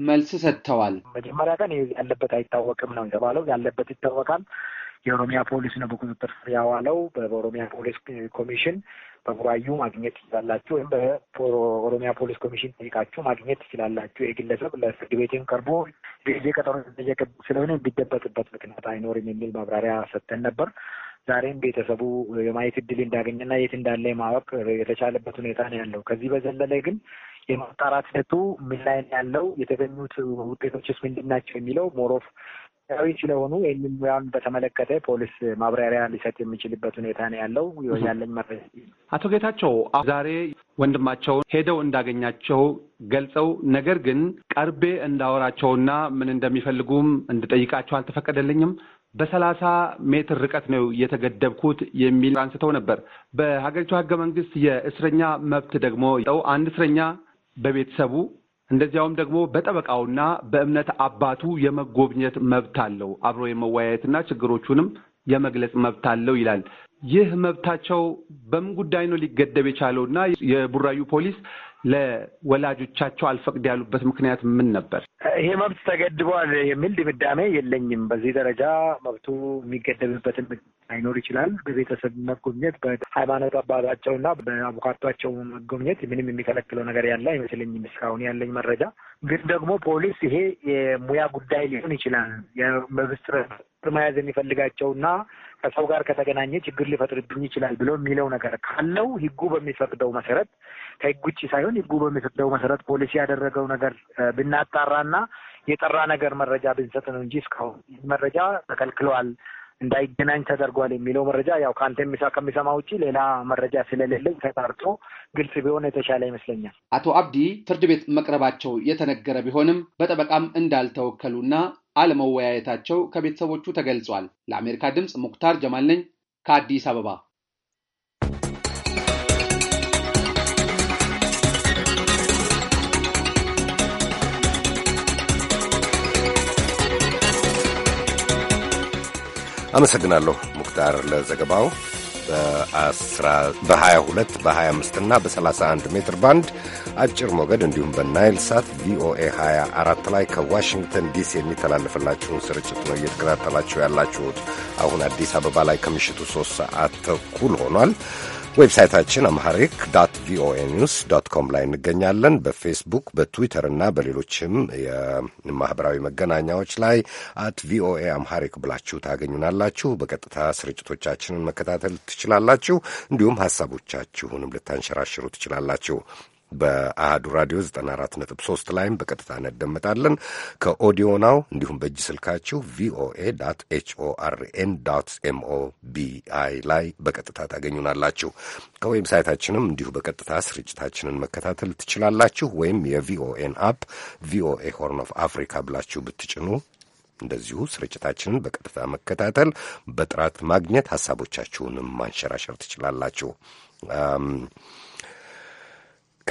መልስ ሰጥተዋል። መጀመሪያ ቀን ያለበት አይታወቅም ነው የተባለው። ያለበት ይታወቃል። የኦሮሚያ ፖሊስ ነው በቁጥጥር ስር ያዋለው። በኦሮሚያ ፖሊስ ኮሚሽን በቡራዩ ማግኘት ትችላላችሁ፣ ወይም በኦሮሚያ ፖሊስ ኮሚሽን ጠይቃችሁ ማግኘት ትችላላችሁ። የግለሰብ ለፍርድ ቤትም ቀርቦ ጊዜ ቀጠሮ ተጠየቀ ስለሆነ የሚደበቅበት ምክንያት አይኖርም የሚል ማብራሪያ ሰጥተን ነበር። ዛሬም ቤተሰቡ የማየት እድል እንዳገኘና የት እንዳለ የማወቅ የተቻለበት ሁኔታ ነው ያለው። ከዚህ በዘለለ ግን የማጣራት ሂደቱ ምን ላይ ያለው የተገኙት ውጤቶችስ ምንድን ናቸው የሚለው ሞሮፍ ዊ ስለሆኑ ይህንን ሙያን በተመለከተ ፖሊስ ማብራሪያ ሊሰጥ የሚችልበት ሁኔታ ነው ያለው ያለኝ መረጃ። አቶ ጌታቸው ዛሬ ወንድማቸውን ሄደው እንዳገኛቸው ገልጸው፣ ነገር ግን ቀርቤ እንዳወራቸውና ምን እንደሚፈልጉም እንድጠይቃቸው አልተፈቀደልኝም በሰላሳ ሜትር ርቀት ነው የተገደብኩት የሚል አንስተው ነበር። በሀገሪቱ ህገ መንግስት የእስረኛ መብት ደግሞ አንድ እስረኛ በቤተሰቡ እንደዚያውም ደግሞ በጠበቃውና በእምነት አባቱ የመጎብኘት መብት አለው። አብሮ የመወያየትና ችግሮቹንም የመግለጽ መብት አለው ይላል። ይህ መብታቸው በምን ጉዳይ ነው ሊገደብ የቻለው እና የቡራዩ ፖሊስ ለወላጆቻቸው አልፈቅድ ያሉበት ምክንያት ምን ነበር? ይሄ መብት ተገድቧል የሚል ድምዳሜ የለኝም። በዚህ ደረጃ መብቱ የሚገደብበትን አይኖር ይችላል። በቤተሰብ መጎብኘት፣ በሃይማኖት አባታቸው እና በአቡካቷቸው መጎብኘት ምንም የሚከለክለው ነገር ያለ አይመስለኝም እስካሁን ያለኝ መረጃ። ግን ደግሞ ፖሊስ ይሄ የሙያ ጉዳይ ሊሆን ይችላል የመብት መያዝ የሚፈልጋቸውና ከሰው ጋር ከተገናኘ ችግር ሊፈጥርብኝ ይችላል ብሎ የሚለው ነገር ካለው ህጉ በሚፈቅደው መሰረት ከህግ ውጭ ሳይሆን ህጉ በሚፈቅደው መሰረት ፖሊሲ ያደረገው ነገር ብናጣራና የጠራ ነገር መረጃ ብንሰጥ ነው እንጂ እስካሁን መረጃ ተከልክለዋል፣ እንዳይገናኝ ተደርጓል የሚለው መረጃ ያው ከአንተ የሚሳ ከሚሰማ ውጭ ሌላ መረጃ ስለሌለኝ ተጣርቶ ግልጽ ቢሆን የተሻለ ይመስለኛል። አቶ አብዲ ፍርድ ቤት መቅረባቸው የተነገረ ቢሆንም በጠበቃም እንዳልተወከሉና አለመወያየታቸው ከቤተሰቦቹ ተገልጿል። ለአሜሪካ ድምፅ ሙክታር ጀማል ነኝ ከአዲስ አበባ። አመሰግናለሁ ሙክታር ለዘገባው። በ22 በ25 እና በ31 ሜትር ባንድ አጭር ሞገድ እንዲሁም በናይል ሳት ቪኦኤ 24 ላይ ከዋሽንግተን ዲሲ የሚተላለፍላችሁን ስርጭት ነው እየተከታተላችሁ ያላችሁት። አሁን አዲስ አበባ ላይ ከምሽቱ 3 ሰዓት ተኩል ሆኗል። ዌብሳይታችን አምሐሪክ ዳት ቪኦኤ ኒውስ ዳት ኮም ላይ እንገኛለን። በፌስቡክ በትዊተር እና በሌሎችም የማኅበራዊ መገናኛዎች ላይ አት ቪኦኤ አምሐሪክ ብላችሁ ታገኙናላችሁ። በቀጥታ ስርጭቶቻችንን መከታተል ትችላላችሁ። እንዲሁም ሐሳቦቻችሁንም ልታንሸራሽሩ ትችላላችሁ። በአህዱ ራዲዮ 94.3 ላይም በቀጥታ እንደመጣለን። ከኦዲዮ ናው እንዲሁም በእጅ ስልካችሁ ቪኦኤ ዶት ኤችኦአርኤን ዶት ላይ በቀጥታ ታገኙናላችሁ። ከዌብሳይታችንም እንዲሁ በቀጥታ ስርጭታችንን መከታተል ትችላላችሁ። ወይም የቪኦኤን አፕ ቪኦኤ ሆርን ኦፍ አፍሪካ ብላችሁ ብትጭኑ እንደዚሁ ስርጭታችንን በቀጥታ መከታተል፣ በጥራት ማግኘት፣ ሀሳቦቻችሁንም ማንሸራሸር ትችላላችሁ።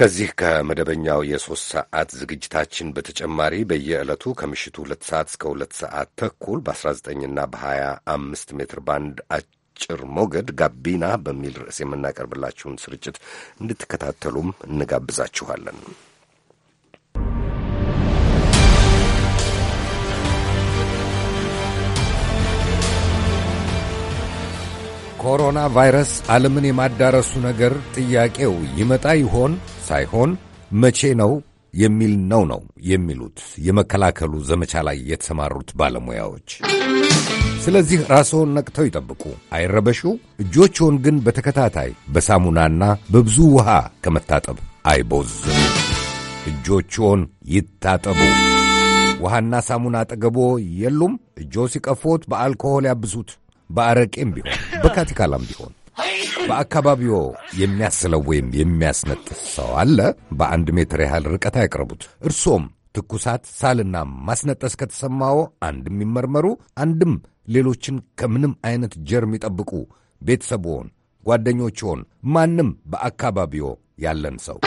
ከዚህ ከመደበኛው የሦስት ሰዓት ዝግጅታችን በተጨማሪ በየዕለቱ ከምሽቱ ሁለት ሰዓት እስከ ሁለት ሰዓት ተኩል በ19ና በ25 ሜትር ባንድ አጭር ሞገድ ጋቢና በሚል ርዕስ የምናቀርብላችሁን ስርጭት እንድትከታተሉም እንጋብዛችኋለን። ኮሮና ቫይረስ ዓለምን የማዳረሱ ነገር ጥያቄው ይመጣ ይሆን? ሳይሆን መቼ ነው የሚል ነው ነው የሚሉት የመከላከሉ ዘመቻ ላይ የተሰማሩት ባለሙያዎች። ስለዚህ ራስዎን ነቅተው ይጠብቁ፣ አይረበሹ። እጆችዎን ግን በተከታታይ በሳሙናና በብዙ ውሃ ከመታጠብ አይቦዝም እጆችዎን ይታጠቡ። ውሃና ሳሙና አጠገቦ የሉም? እጆ ሲቀፎት በአልኮሆል ያብሱት፣ በአረቄም ቢሆን በካቲካላም ቢሆን በአካባቢዎ የሚያስለው ወይም የሚያስነጥስ ሰው አለ? በአንድ ሜትር ያህል ርቀት አይቅረቡት። እርሶም ትኩሳት፣ ሳልና ማስነጠስ ከተሰማዎ አንድም ይመርመሩ፣ አንድም ሌሎችን ከምንም አይነት ጀርም ይጠብቁ። ቤተሰብዎን፣ ጓደኞችዎን፣ ማንም በአካባቢዎ ያለን ሰው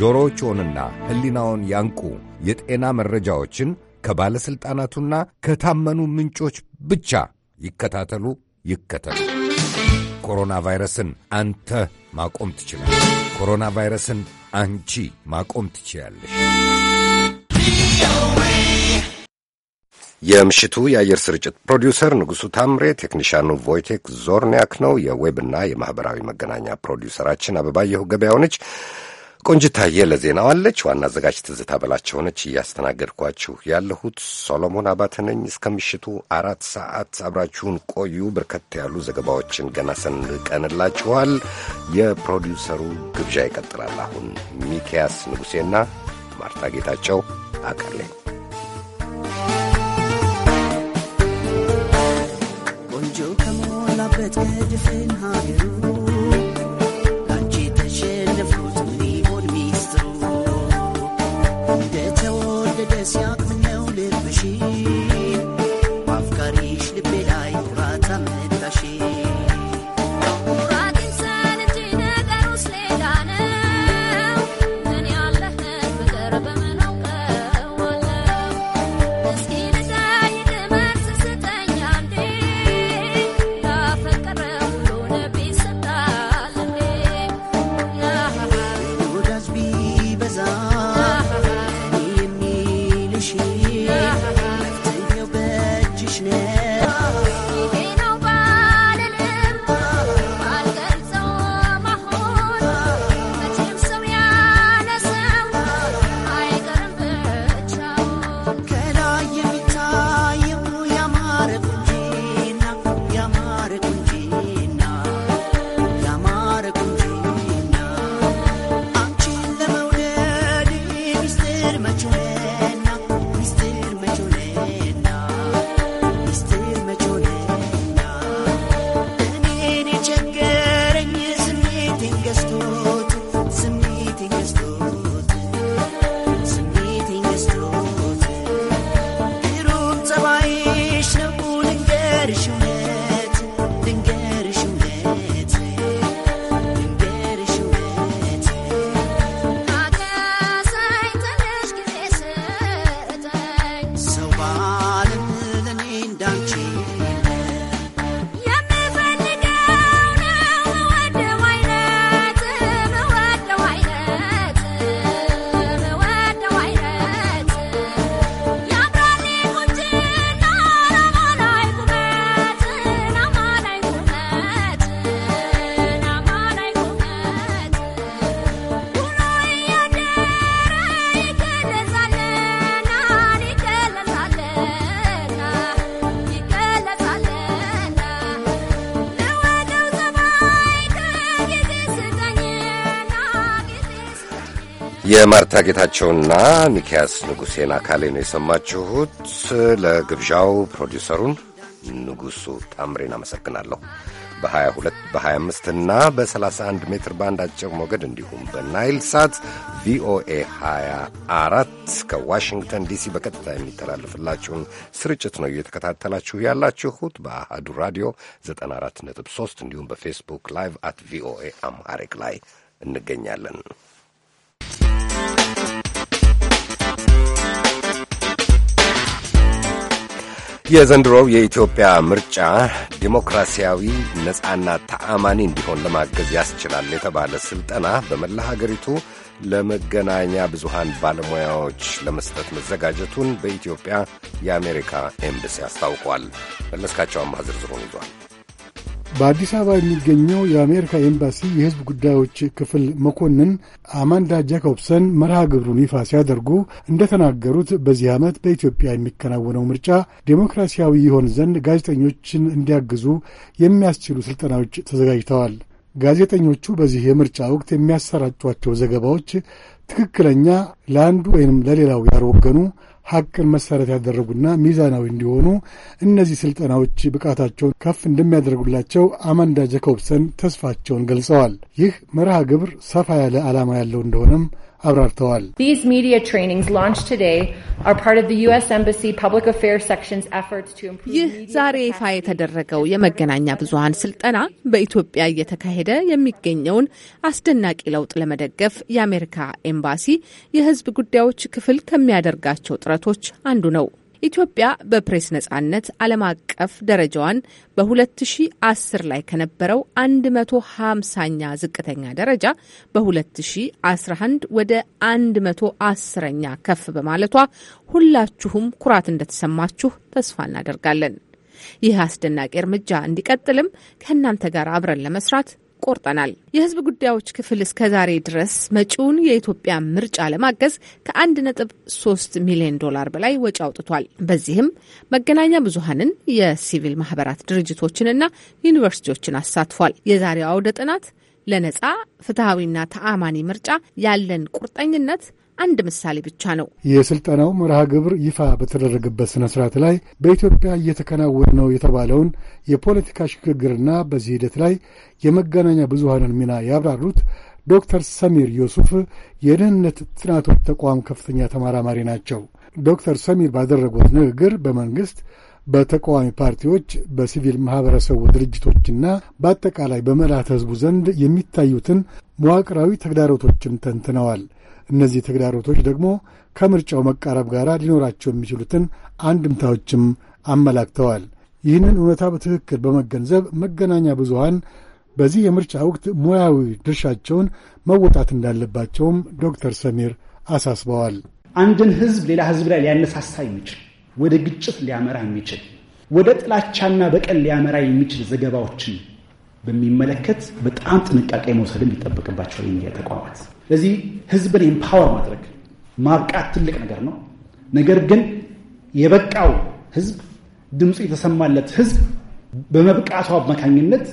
ጆሮዎችዎንና ሕሊናውን ያንቁ። የጤና መረጃዎችን ከባለሥልጣናቱና ከታመኑ ምንጮች ብቻ ይከታተሉ ይከተሉ። ኮሮና ቫይረስን አንተ ማቆም ትችላለህ። ኮሮና ቫይረስን አንቺ ማቆም ትችላለሽ። የምሽቱ የአየር ስርጭት ፕሮዲውሰር ንጉሡ ታምሬ፣ ቴክኒሻኑ ቮይቴክ ዞርኒያክ ነው። የዌብና የማኅበራዊ መገናኛ ፕሮዲውሰራችን አበባየሁ ገበያው ነች። ቆንጅታዬ ለዜናው አለች። ዋና አዘጋጅ ትዝታ በላቸው ነች። እያስተናገድኳችሁ ያለሁት ሶሎሞን አባተ ነኝ። እስከ ምሽቱ አራት ሰዓት አብራችሁን ቆዩ። በርከት ያሉ ዘገባዎችን ገና ሰንቀንላችኋል። የፕሮዲውሰሩ ግብዣ ይቀጥላል። አሁን ሚኪያስ ንጉሴና ማርታ ጌታቸው አቀርሌ ቆንጆ ከሞላበት ከድፍን ሀገሩ የማርታ ጌታቸውና ሚኪያስ ንጉሴን አካሌ ነው የሰማችሁት። ለግብዣው ፕሮዲውሰሩን ንጉሱ ታምሬን አመሰግናለሁ። በ22 በ25 እና በ31 ሜትር ባንድ አጭር ሞገድ እንዲሁም በናይል ሳት ቪኦኤ 24 ከዋሽንግተን ዲሲ በቀጥታ የሚተላለፍላችሁን ስርጭት ነው እየተከታተላችሁ ያላችሁት። በአሃዱ ራዲዮ 94.3 እንዲሁም በፌስቡክ ላይቭ አት ቪኦኤ አምሃሪክ ላይ እንገኛለን። የዘንድሮው የኢትዮጵያ ምርጫ ዲሞክራሲያዊ ነጻና ተአማኒ እንዲሆን ለማገዝ ያስችላል የተባለ ስልጠና በመላ ሀገሪቱ ለመገናኛ ብዙሃን ባለሙያዎች ለመስጠት መዘጋጀቱን በኢትዮጵያ የአሜሪካ ኤምባሲ አስታውቋል። መለስካቸው አማህ ዝርዝሩን ይዟል። በአዲስ አበባ የሚገኘው የአሜሪካ ኤምባሲ የሕዝብ ጉዳዮች ክፍል መኮንን አማንዳ ጃኮብሰን መርሃ ግብሩን ይፋ ሲያደርጉ እንደተናገሩት በዚህ ዓመት በኢትዮጵያ የሚከናወነው ምርጫ ዴሞክራሲያዊ ይሆን ዘንድ ጋዜጠኞችን እንዲያግዙ የሚያስችሉ ስልጠናዎች ተዘጋጅተዋል። ጋዜጠኞቹ በዚህ የምርጫ ወቅት የሚያሰራጯቸው ዘገባዎች ትክክለኛ፣ ለአንዱ ወይንም ለሌላው ያልወገኑ ሀቅን መሰረት ያደረጉና ሚዛናዊ እንዲሆኑ እነዚህ ስልጠናዎች ብቃታቸውን ከፍ እንደሚያደርጉላቸው አማንዳ ጀኮብሰን ተስፋቸውን ገልጸዋል። ይህ መርሃ ግብር ሰፋ ያለ ዓላማ ያለው እንደሆነም አብራርተዋል። ይህ ዛሬ ይፋ የተደረገው የመገናኛ ብዙሀን ስልጠና በኢትዮጵያ እየተካሄደ የሚገኘውን አስደናቂ ለውጥ ለመደገፍ የአሜሪካ ኤምባሲ የህዝብ ጉዳዮች ክፍል ከሚያደርጋቸው ጥረቶች አንዱ ነው። ኢትዮጵያ በፕሬስ ነጻነት ዓለም አቀፍ ደረጃዋን በ2010 ላይ ከነበረው 150ኛ ዝቅተኛ ደረጃ በ2011 ወደ 110ኛ ከፍ በማለቷ ሁላችሁም ኩራት እንደተሰማችሁ ተስፋ እናደርጋለን። ይህ አስደናቂ እርምጃ እንዲቀጥልም ከእናንተ ጋር አብረን ለመስራት ቆርጠናል። የህዝብ ጉዳዮች ክፍል እስከ ዛሬ ድረስ መጪውን የኢትዮጵያ ምርጫ ለማገዝ ከአንድ ነጥብ ሶስት ሚሊዮን ዶላር በላይ ወጪ አውጥቷል። በዚህም መገናኛ ብዙሀንን፣ የሲቪል ማህበራት ድርጅቶችንና ዩኒቨርሲቲዎችን አሳትፏል። የዛሬው አውደ ጥናት ለነጻ ፍትሐዊና ተአማኒ ምርጫ ያለን ቁርጠኝነት አንድ ምሳሌ ብቻ ነው። የስልጠናው መርሃ ግብር ይፋ በተደረገበት ስነ ስርዓት ላይ በኢትዮጵያ እየተከናወነ ነው የተባለውን የፖለቲካ ሽግግርና በዚህ ሂደት ላይ የመገናኛ ብዙሃንን ሚና ያብራሩት ዶክተር ሰሚር ዮሱፍ የደህንነት ጥናቶች ተቋም ከፍተኛ ተመራማሪ ናቸው። ዶክተር ሰሚር ባደረጉት ንግግር በመንግስት በተቃዋሚ ፓርቲዎች፣ በሲቪል ማኅበረሰቡ ድርጅቶችና በአጠቃላይ በመላት ህዝቡ ዘንድ የሚታዩትን መዋቅራዊ ተግዳሮቶችን ተንትነዋል። እነዚህ ተግዳሮቶች ደግሞ ከምርጫው መቃረብ ጋር ሊኖራቸው የሚችሉትን አንድምታዎችም አመላክተዋል። ይህንን እውነታ በትክክል በመገንዘብ መገናኛ ብዙሃን በዚህ የምርጫ ወቅት ሙያዊ ድርሻቸውን መወጣት እንዳለባቸውም ዶክተር ሰሚር አሳስበዋል። አንድን ህዝብ ሌላ ህዝብ ላይ ሊያነሳሳ የሚችል ወደ ግጭት ሊያመራ የሚችል ወደ ጥላቻና በቀል ሊያመራ የሚችል ዘገባዎችን በሚመለከት በጣም ጥንቃቄ መውሰድም ይጠበቅባቸዋል የሚዲያ ተቋማት ስለዚህ ህዝብን ኤምፓወር ማድረግ ማብቃት ትልቅ ነገር ነው። ነገር ግን የበቃው ህዝብ ድምፁ የተሰማለት ህዝብ በመብቃቱ አማካኝነት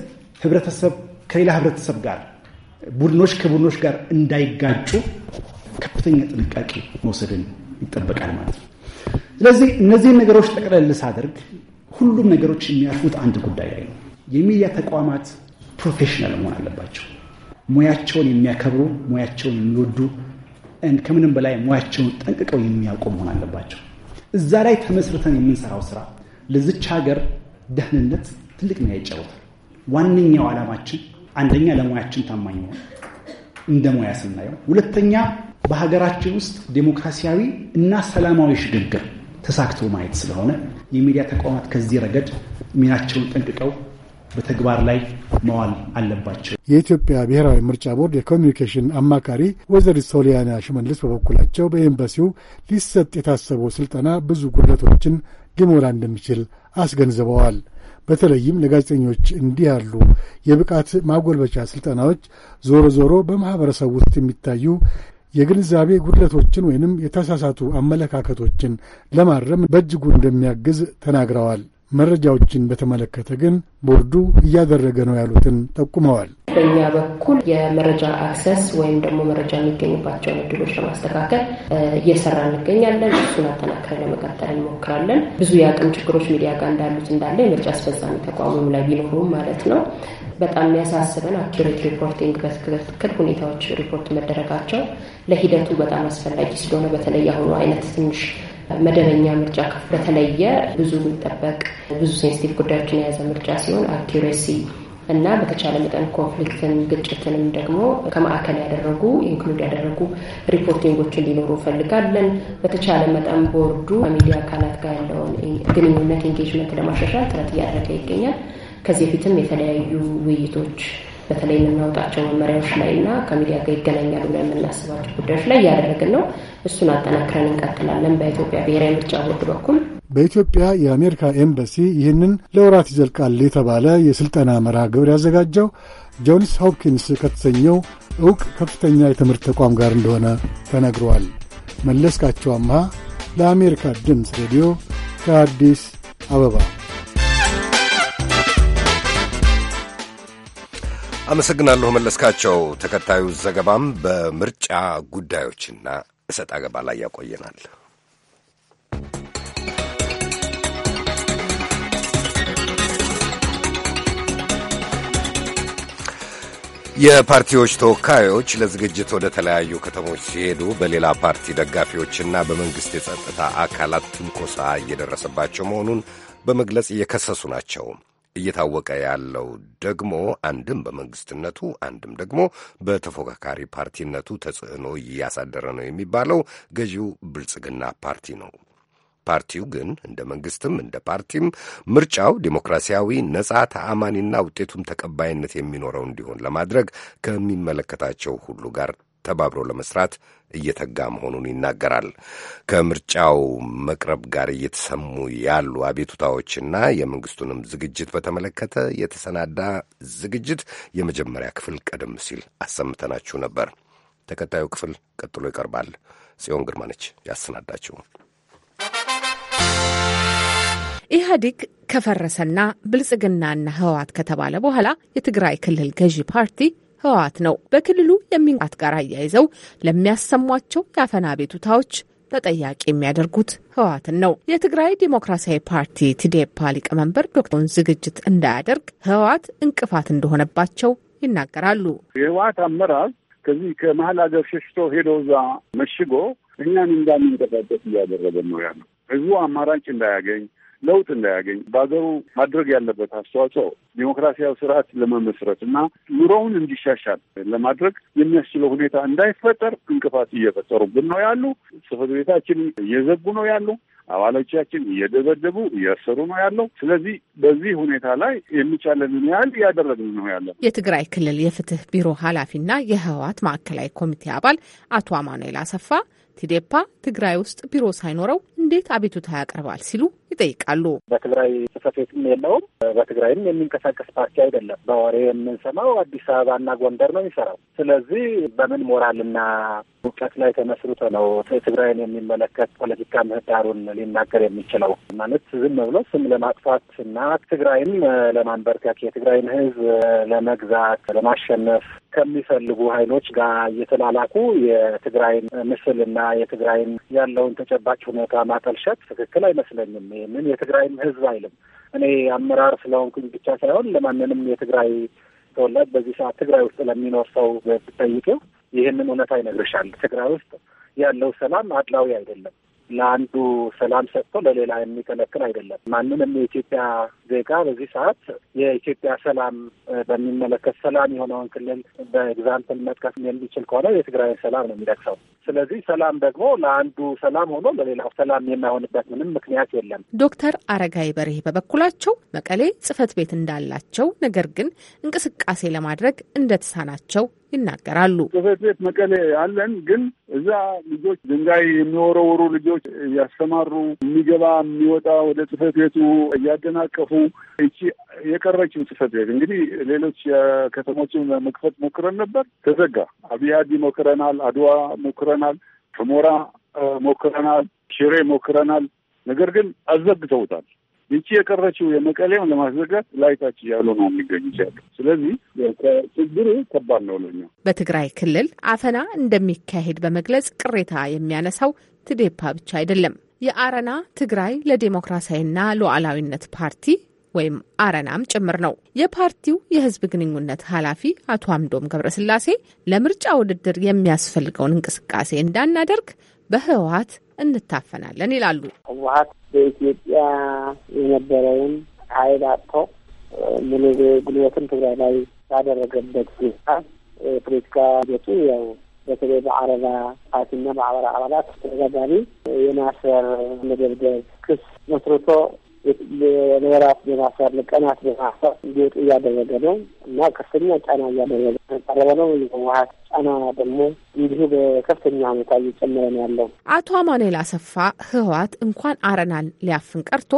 ህብረተሰብ ከሌላ ህብረተሰብ ጋር ቡድኖች ከቡድኖች ጋር እንዳይጋጩ ከፍተኛ ጥንቃቄ መውሰድን ይጠበቃል ማለት ነው። ስለዚህ እነዚህን ነገሮች ጠቅለል ሳደርግ ሁሉም ነገሮች የሚያርፉት አንድ ጉዳይ ላይ ነው። የሚዲያ ተቋማት ፕሮፌሽናል መሆን አለባቸው። ሙያቸውን የሚያከብሩ ሙያቸውን የሚወዱ ከምንም በላይ ሙያቸውን ጠንቅቀው የሚያውቁ መሆን አለባቸው። እዛ ላይ ተመስርተን የምንሰራው ስራ ለዚች ሀገር ደህንነት ትልቅ ሚና ይጫወታል። ዋነኛው ዓላማችን አንደኛ ለሙያችን ታማኝ ሆን እንደ ሙያ ስናየው፣ ሁለተኛ በሀገራችን ውስጥ ዴሞክራሲያዊ እና ሰላማዊ ሽግግር ተሳክቶ ማየት ስለሆነ የሚዲያ ተቋማት ከዚህ ረገድ ሚናቸውን ጠንቅቀው በተግባር ላይ መዋል አለባቸው። የኢትዮጵያ ብሔራዊ ምርጫ ቦርድ የኮሚኒኬሽን አማካሪ ወይዘሪት ሶሊያና ሽመልስ በበኩላቸው በኤምባሲው ሊሰጥ የታሰበው ስልጠና ብዙ ጉድለቶችን ሊሞላ እንደሚችል አስገንዝበዋል። በተለይም ለጋዜጠኞች እንዲህ ያሉ የብቃት ማጎልበቻ ስልጠናዎች ዞሮ ዞሮ በማኅበረሰብ ውስጥ የሚታዩ የግንዛቤ ጉድለቶችን ወይንም የተሳሳቱ አመለካከቶችን ለማረም በእጅጉ እንደሚያግዝ ተናግረዋል። መረጃዎችን በተመለከተ ግን ቦርዱ እያደረገ ነው ያሉትን ጠቁመዋል። በእኛ በኩል የመረጃ አክሰስ ወይም ደግሞ መረጃ የሚገኝባቸውን እድሎች ለማስተካከል እየሰራ እንገኛለን። እሱን አጠናክረን ለመቀጠል እንሞክራለን። ብዙ የአቅም ችግሮች ሚዲያ ጋር እንዳሉት እንዳለ የምርጫ አስፈጻሚ ተቋሙም ላይ ቢኖሩም ማለት ነው። በጣም የሚያሳስበን አኪሬት ሪፖርቲንግ በትክክል ሁኔታዎች ሪፖርት መደረጋቸው ለሂደቱ በጣም አስፈላጊ ስለሆነ በተለይ አሁኑ አይነት ትንሽ መደበኛ ምርጫ በተለየ ብዙ የሚጠበቅ ብዙ ሴንስቲቭ ጉዳዮችን የያዘ ምርጫ ሲሆን አኪሬሲ እና በተቻለ መጠን ኮንፍሊክትን፣ ግጭትንም ደግሞ ከማዕከል ያደረጉ ኢንክሉድ ያደረጉ ሪፖርቲንጎችን ሊኖሩ እንፈልጋለን። በተቻለ መጠን ቦርዱ ከሚዲያ አካላት ጋር ያለውን ግንኙነት ኢንጌጅመንት ለማሻሻል ጥረት እያደረገ ይገኛል። ከዚህ በፊትም የተለያዩ ውይይቶች በተለይ የምናወጣቸው መመሪያዎች ላይ እና ከሚዲያ ጋር ይገናኛሉ ብለን የምናስባቸው ጉዳዮች ላይ እያደረግን ነው። እሱን አጠናክረን እንቀጥላለን። በኢትዮጵያ ብሔራዊ ምርጫ ቦርድ በኩል በኢትዮጵያ የአሜሪካ ኤምባሲ ይህንን ለወራት ይዘልቃል የተባለ የስልጠና መርሃ ግብር ያዘጋጀው ጆንስ ሆፕኪንስ ከተሰኘው እውቅ ከፍተኛ የትምህርት ተቋም ጋር እንደሆነ ተነግረዋል። መለስካቸው አምሃ ለአሜሪካ ድምፅ ሬዲዮ ከአዲስ አበባ አመሰግናለሁ መለስካቸው። ተከታዩ ዘገባም በምርጫ ጉዳዮችና እሰጥ አገባ ላይ ያቆየናል። የፓርቲዎች ተወካዮች ለዝግጅት ወደ ተለያዩ ከተሞች ሲሄዱ በሌላ ፓርቲ ደጋፊዎችና በመንግሥት የጸጥታ አካላት ትንኮሳ እየደረሰባቸው መሆኑን በመግለጽ እየከሰሱ ናቸው። እየታወቀ ያለው ደግሞ አንድም በመንግስትነቱ አንድም ደግሞ በተፎካካሪ ፓርቲነቱ ተጽዕኖ እያሳደረ ነው የሚባለው ገዢው ብልጽግና ፓርቲ ነው። ፓርቲው ግን እንደ መንግስትም እንደ ፓርቲም ምርጫው ዴሞክራሲያዊ፣ ነጻ፣ ተአማኒና ውጤቱም ተቀባይነት የሚኖረው እንዲሆን ለማድረግ ከሚመለከታቸው ሁሉ ጋር ተባብሮ ለመስራት እየተጋ መሆኑን ይናገራል። ከምርጫው መቅረብ ጋር እየተሰሙ ያሉ አቤቱታዎችና የመንግስቱንም ዝግጅት በተመለከተ የተሰናዳ ዝግጅት የመጀመሪያ ክፍል ቀደም ሲል አሰምተናችሁ ነበር። ተከታዩ ክፍል ቀጥሎ ይቀርባል። ጽዮን ግርማ ነች ያሰናዳችው። ኢህአዴግ ከፈረሰና ብልጽግናና ህወሓት ከተባለ በኋላ የትግራይ ክልል ገዢ ፓርቲ ህወሓት ነው። በክልሉ የሚንቃት ጋር አያይዘው ለሚያሰሟቸው የአፈና ቤቱታዎች ተጠያቂ የሚያደርጉት ህወሓትን ነው። የትግራይ ዴሞክራሲያዊ ፓርቲ ቲዴፓ ሊቀመንበር ዶክተሩን ዝግጅት እንዳያደርግ ህወሓት እንቅፋት እንደሆነባቸው ይናገራሉ። የህወሓት አመራር ከዚህ ከመሀል ሀገር ሸሽቶ ሄዶ እዛ መሽጎ እኛን እንዳንንቀሳቀስ እያደረገ ነው ያለው። ህዝቡ አማራጭ እንዳያገኝ ለውጥ እንዳያገኝ በሀገሩ ማድረግ ያለበት አስተዋጽኦ ዲሞክራሲያዊ ስርዓት ለመመስረት እና ኑሮውን እንዲሻሻል ለማድረግ የሚያስችለው ሁኔታ እንዳይፈጠር እንቅፋት እየፈጠሩብን ነው ያሉ። ጽሕፈት ቤታችን እየዘጉ ነው ያሉ። አባሎቻችን እየደበደቡ እያሰሩ ነው ያለው። ስለዚህ በዚህ ሁኔታ ላይ የሚቻለንን ያህል እያደረግን ነው ያለ የትግራይ ክልል የፍትህ ቢሮ ኃላፊና የህወሓት ማዕከላዊ ኮሚቴ አባል አቶ አማኑኤል አሰፋ ቲዴፓ ትግራይ ውስጥ ቢሮ ሳይኖረው እንዴት አቤቱታ ያቀርባል ሲሉ ይጠይቃሉ። በትግራይ ጽሕፈት ቤትም የለውም። በትግራይም የሚንቀሳቀስ ፓርቲ አይደለም። በወሬ የምንሰማው አዲስ አበባና ጎንደር ነው የሚሰራው። ስለዚህ በምን ሞራልና እውቀት ላይ ተመስርቶ ነው ትግራይን የሚመለከት ፖለቲካ ምህዳሩን ሊናገር የሚችለው? ማለት ዝም ብሎ ስም ለማጥፋት እና ትግራይም ለማንበርከክ የትግራይን ህዝብ ለመግዛት ለማሸነፍ ከሚፈልጉ ኃይሎች ጋር እየተላላኩ የትግራይን ምስልና የትግራይን ያለውን ተጨባጭ ሁኔታ ማጠልሸት ትክክል አይመስለኝም። ይህንን የትግራይም ህዝብ አይልም። እኔ አመራር ስለሆንኩኝ ብቻ ሳይሆን ለማንንም የትግራይ ተወላጅ በዚህ ሰዓት ትግራይ ውስጥ ለሚኖር ሰው ብጠይቀው ይህንን እውነት አይነግርሻል። ትግራይ ውስጥ ያለው ሰላም አድላዊ አይደለም። ለአንዱ ሰላም ሰጥቶ ለሌላ የሚከለክል አይደለም። ማንንም የኢትዮጵያ ዜጋ በዚህ ሰዓት የኢትዮጵያ ሰላም በሚመለከት ሰላም የሆነውን ክልል በኤግዛምፕል መጥቀስ የሚችል ከሆነ የትግራይን ሰላም ነው የሚጠቅሰው። ስለዚህ ሰላም ደግሞ ለአንዱ ሰላም ሆኖ ለሌላው ሰላም የማይሆንበት ምንም ምክንያት የለም። ዶክተር አረጋይ በርሄ በበኩላቸው መቀሌ ጽህፈት ቤት እንዳላቸው ነገር ግን እንቅስቃሴ ለማድረግ እንደተሳናቸው ይናገራሉ። ጽህፈት ቤት መቀሌ አለን፣ ግን እዛ ልጆች ድንጋይ የሚወረውሩ ልጆች እያስተማሩ የሚገባ የሚወጣ ወደ ጽህፈት ቤቱ እያደናቀፉ እቺ የቀረችው ጽህፈት ቤት እንግዲህ ሌሎች ከተሞችን መክፈት ሞክረን ነበር፣ ተዘጋ። አብያዲ ሞክረናል፣ አድዋ ሞክረናል፣ ሑመራ ሞክረናል፣ ሽሬ ሞክረናል። ነገር ግን አዘግተውታል። ይቺ የቀረችው የመቀሌውን ለማስዘጋት ላይታች እያሉ ነው የሚገኙ ይችላሉ። ስለዚህ ችግሩ ከባድ ነው ለኛ። በትግራይ ክልል አፈና እንደሚካሄድ በመግለጽ ቅሬታ የሚያነሳው ትዴፓ ብቻ አይደለም። የአረና ትግራይ ለዴሞክራሲያዊና ሉዓላዊነት ፓርቲ ወይም አረናም ጭምር ነው። የፓርቲው የህዝብ ግንኙነት ኃላፊ አቶ አምዶም ገብረስላሴ ለምርጫ ውድድር የሚያስፈልገውን እንቅስቃሴ እንዳናደርግ በህወሀት እንታፈናለን ይላሉ። ህወሀት በኢትዮጵያ የነበረውን ኃይል አጥቶ ሙሉ ጉልበትን ትግራይ ላይ ባደረገበት ሁኔታ የፖለቲካ ሂደቱ ያው በተለይ በአረባ ፓርቲና በአበራ አባላት ተደጋጋሚ የማሰር መደብደብ ክስ መስርቶ ወራት በማሰር ቀናት በማሰር እንዲወጡ እያደረገ ነው እና ከፍተኛ ጫና እያደረገ ቀረበ ነው። የህወሀት ጫና ደግሞ እንዲሁ በከፍተኛ ሁኔታ እየጨመረ ነው ያለው። አቶ አማኑኤል አሰፋ ህወሀት እንኳን አረናን ሊያፍን ቀርቶ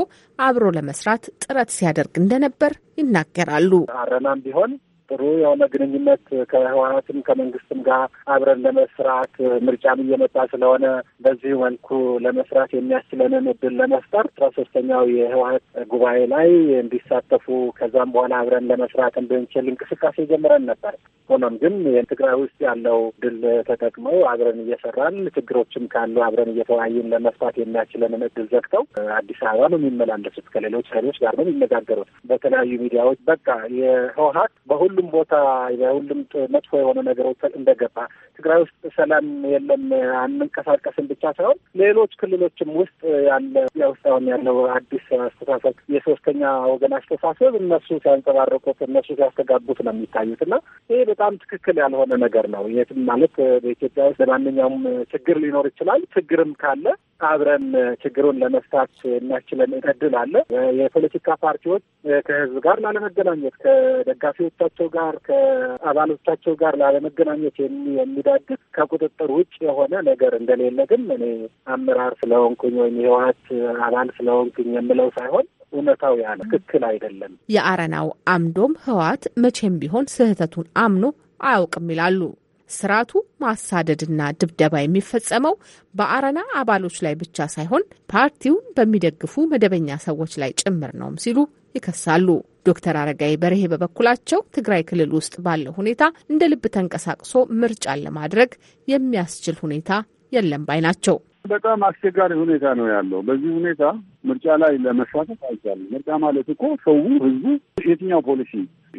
አብሮ ለመስራት ጥረት ሲያደርግ እንደነበር ይናገራሉ። አረናም ቢሆን ጥሩ የሆነ ግንኙነት ከህወሀትም ከመንግስትም ጋር አብረን ለመስራት ምርጫም እየመጣ ስለሆነ በዚህ መልኩ ለመስራት የሚያስችለንን እድል ለመፍጠር አስራ ሶስተኛው የህወሀት ጉባኤ ላይ እንዲሳተፉ ከዛም በኋላ አብረን ለመስራት እንድንችል እንቅስቃሴ ጀምረን ነበር። ሆኖም ግን ትግራይ ውስጥ ያለው ድል ተጠቅመው አብረን እየሰራን ችግሮችም ካሉ አብረን እየተወያየን ለመፍታት የሚያስችለንን እድል ዘግተው አዲስ አበባ ነው የሚመላለሱት፣ ከሌሎች ኃይሎች ጋር ነው የሚነጋገሩት። በተለያዩ ሚዲያዎች በቃ የህወሀት በሁሉ ሁሉም ቦታ የሁሉም መጥፎ የሆነ ነገሮች እንደገባ ትግራይ ውስጥ ሰላም የለም አንንቀሳቀስም ብቻ ሳይሆን ሌሎች ክልሎችም ውስጥ ያለ አሁን ያለው አዲስ አስተሳሰብ የሶስተኛ ወገን አስተሳሰብ እነሱ ሲያንጸባረቁት እነሱ ሲያስተጋቡት ነው የሚታዩት እና ይህ በጣም ትክክል ያልሆነ ነገር ነው። የትም ማለት በኢትዮጵያ ውስጥ ለማንኛውም ችግር ሊኖር ይችላል። ችግርም ካለ አብረን ችግሩን ለመፍታት የሚያስችለን እድል አለ። የፖለቲካ ፓርቲዎች ከህዝብ ጋር ላለመገናኘት፣ ከደጋፊዎቻቸው ጋር ከአባሎቻቸው ጋር ላለመገናኘት የሚ የሚያዳግስ ከቁጥጥር ውጭ የሆነ ነገር እንደሌለ ግን እኔ አመራር ስለሆንኩኝ ወይም የህወሀት አባል ስለሆንኩኝ የምለው ሳይሆን እውነታው ያ ትክክል አይደለም። የአረናው አምዶም ህወሀት መቼም ቢሆን ስህተቱን አምኖ አያውቅም ይላሉ። ስርዓቱ ማሳደድና ድብደባ የሚፈጸመው በአረና አባሎች ላይ ብቻ ሳይሆን ፓርቲውን በሚደግፉ መደበኛ ሰዎች ላይ ጭምር ነውም ሲሉ ይከሳሉ። ዶክተር አረጋይ በርሄ በበኩላቸው ትግራይ ክልል ውስጥ ባለው ሁኔታ እንደ ልብ ተንቀሳቅሶ ምርጫን ለማድረግ የሚያስችል ሁኔታ የለም ባይ ናቸው። በጣም አስቸጋሪ ሁኔታ ነው ያለው። በዚህ ሁኔታ ምርጫ ላይ ለመሳተፍ አይቻልም። ምርጫ ማለት እኮ ሰው፣ ህዝቡ የትኛው ፖሊሲ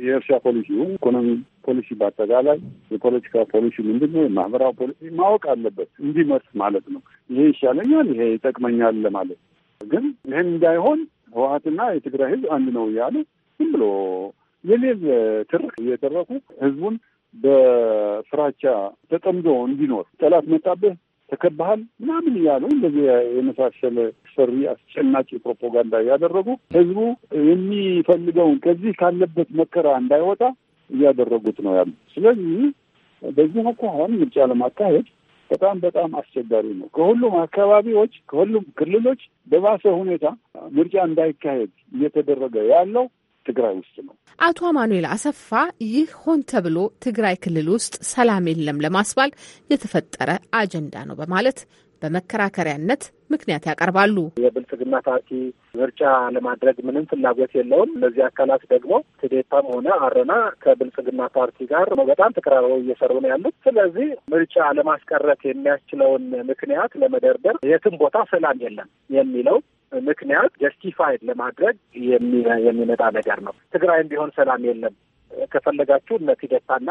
የእርሻ ፖሊሲ፣ ኢኮኖሚ ፖሊሲ፣ በአጠቃላይ የፖለቲካ ፖሊሲ ምንድን ነው፣ የማህበራዊ ፖሊሲ ማወቅ አለበት እንዲመርስ ማለት ነው። ይሄ ይሻለኛል፣ ይሄ ይጠቅመኛል ለማለት ግን ይህን እንዳይሆን ህወሀትና የትግራይ ህዝብ አንድ ነው ያለ? ዝም ብሎ የሌል ትርክ እየተረኩ ህዝቡን በፍራቻ ተጠምዶ እንዲኖር ጠላት መጣብህ ተከባሃል ምናምን እያሉ እንደዚህ የመሳሰለ ሰሪ አስጨናቂ ፕሮፓጋንዳ እያደረጉ ህዝቡ የሚፈልገውን ከዚህ ካለበት መከራ እንዳይወጣ እያደረጉት ነው ያሉ። ስለዚህ በዚህ አኳኋን ምርጫ ለማካሄድ በጣም በጣም አስቸጋሪ ነው። ከሁሉም አካባቢዎች ከሁሉም ክልሎች በባሰ ሁኔታ ምርጫ እንዳይካሄድ እየተደረገ ያለው ትግራይ ውስጥ ነው። አቶ አማኑኤል አሰፋ ይህ ሆን ተብሎ ትግራይ ክልል ውስጥ ሰላም የለም ለማስባል የተፈጠረ አጀንዳ ነው በማለት በመከራከሪያነት ምክንያት ያቀርባሉ። የብልጽግና ፓርቲ ምርጫ ለማድረግ ምንም ፍላጎት የለውም። እነዚህ አካላት ደግሞ ትዴታም ሆነ አረና ከብልጽግና ፓርቲ ጋር በጣም ተቀራርበው እየሰሩ ነው ያሉት። ስለዚህ ምርጫ ለማስቀረት የሚያስችለውን ምክንያት ለመደርደር የትም ቦታ ሰላም የለም የሚለው ምክንያት ጀስቲፋይድ ለማድረግ የሚመጣ ነገር ነው። ትግራይም ቢሆን ሰላም የለም። ከፈለጋችሁ እነ ፒደታና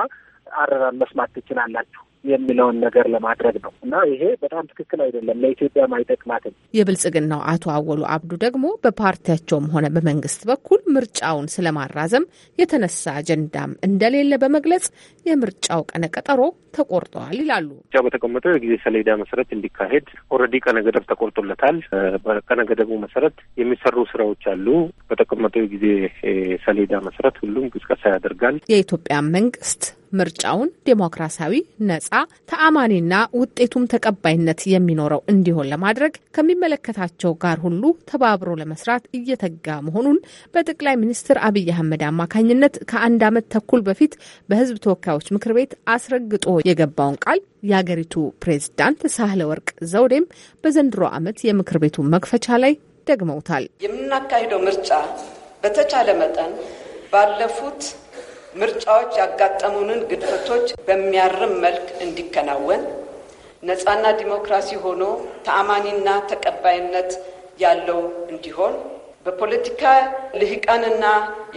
አረራን መስማት ትችላላችሁ የሚለውን ነገር ለማድረግ ነው እና ይሄ በጣም ትክክል አይደለም፣ ለኢትዮጵያ አይጠቅማትም። የብልጽግናው አቶ አወሉ አብዱ ደግሞ በፓርቲያቸውም ሆነ በመንግስት በኩል ምርጫውን ስለማራዘም የተነሳ አጀንዳም እንደሌለ በመግለጽ የምርጫው ቀነ ቀጠሮ ተቆርጠዋል ይላሉ። ምርጫ በተቀመጠው የጊዜ ሰሌዳ መሰረት እንዲካሄድ ኦልሬዲ ቀነ ገደብ ተቆርጦለታል። በቀነ ገደቡ መሰረት የሚሰሩ ስራዎች አሉ። በተቀመጠው የጊዜ ሰሌዳ መሰረት ሁሉም ቅስቀሳ ያደርጋል። የኢትዮጵያ መንግስት ምርጫውን ዴሞክራሲያዊ፣ ነጻ፣ ተአማኒና ውጤቱም ተቀባይነት የሚኖረው እንዲሆን ለማድረግ ከሚመለከታቸው ጋር ሁሉ ተባብሮ ለመስራት እየተጋ መሆኑን በጠቅላይ ሚኒስትር አብይ አህመድ አማካኝነት ከአንድ ዓመት ተኩል በፊት በህዝብ ተወካዮች ምክር ቤት አስረግጦ የገባውን ቃል የአገሪቱ ፕሬዝዳንት ሳህለ ወርቅ ዘውዴም በዘንድሮ ዓመት የምክር ቤቱ መክፈቻ ላይ ደግመውታል። የምናካሂደው ምርጫ በተቻለ መጠን ባለፉት ምርጫዎች ያጋጠሙንን ግድፈቶች በሚያርም መልክ እንዲከናወን ነፃና ዲሞክራሲ ሆኖ ተአማኒና ተቀባይነት ያለው እንዲሆን በፖለቲካ ልሂቃንና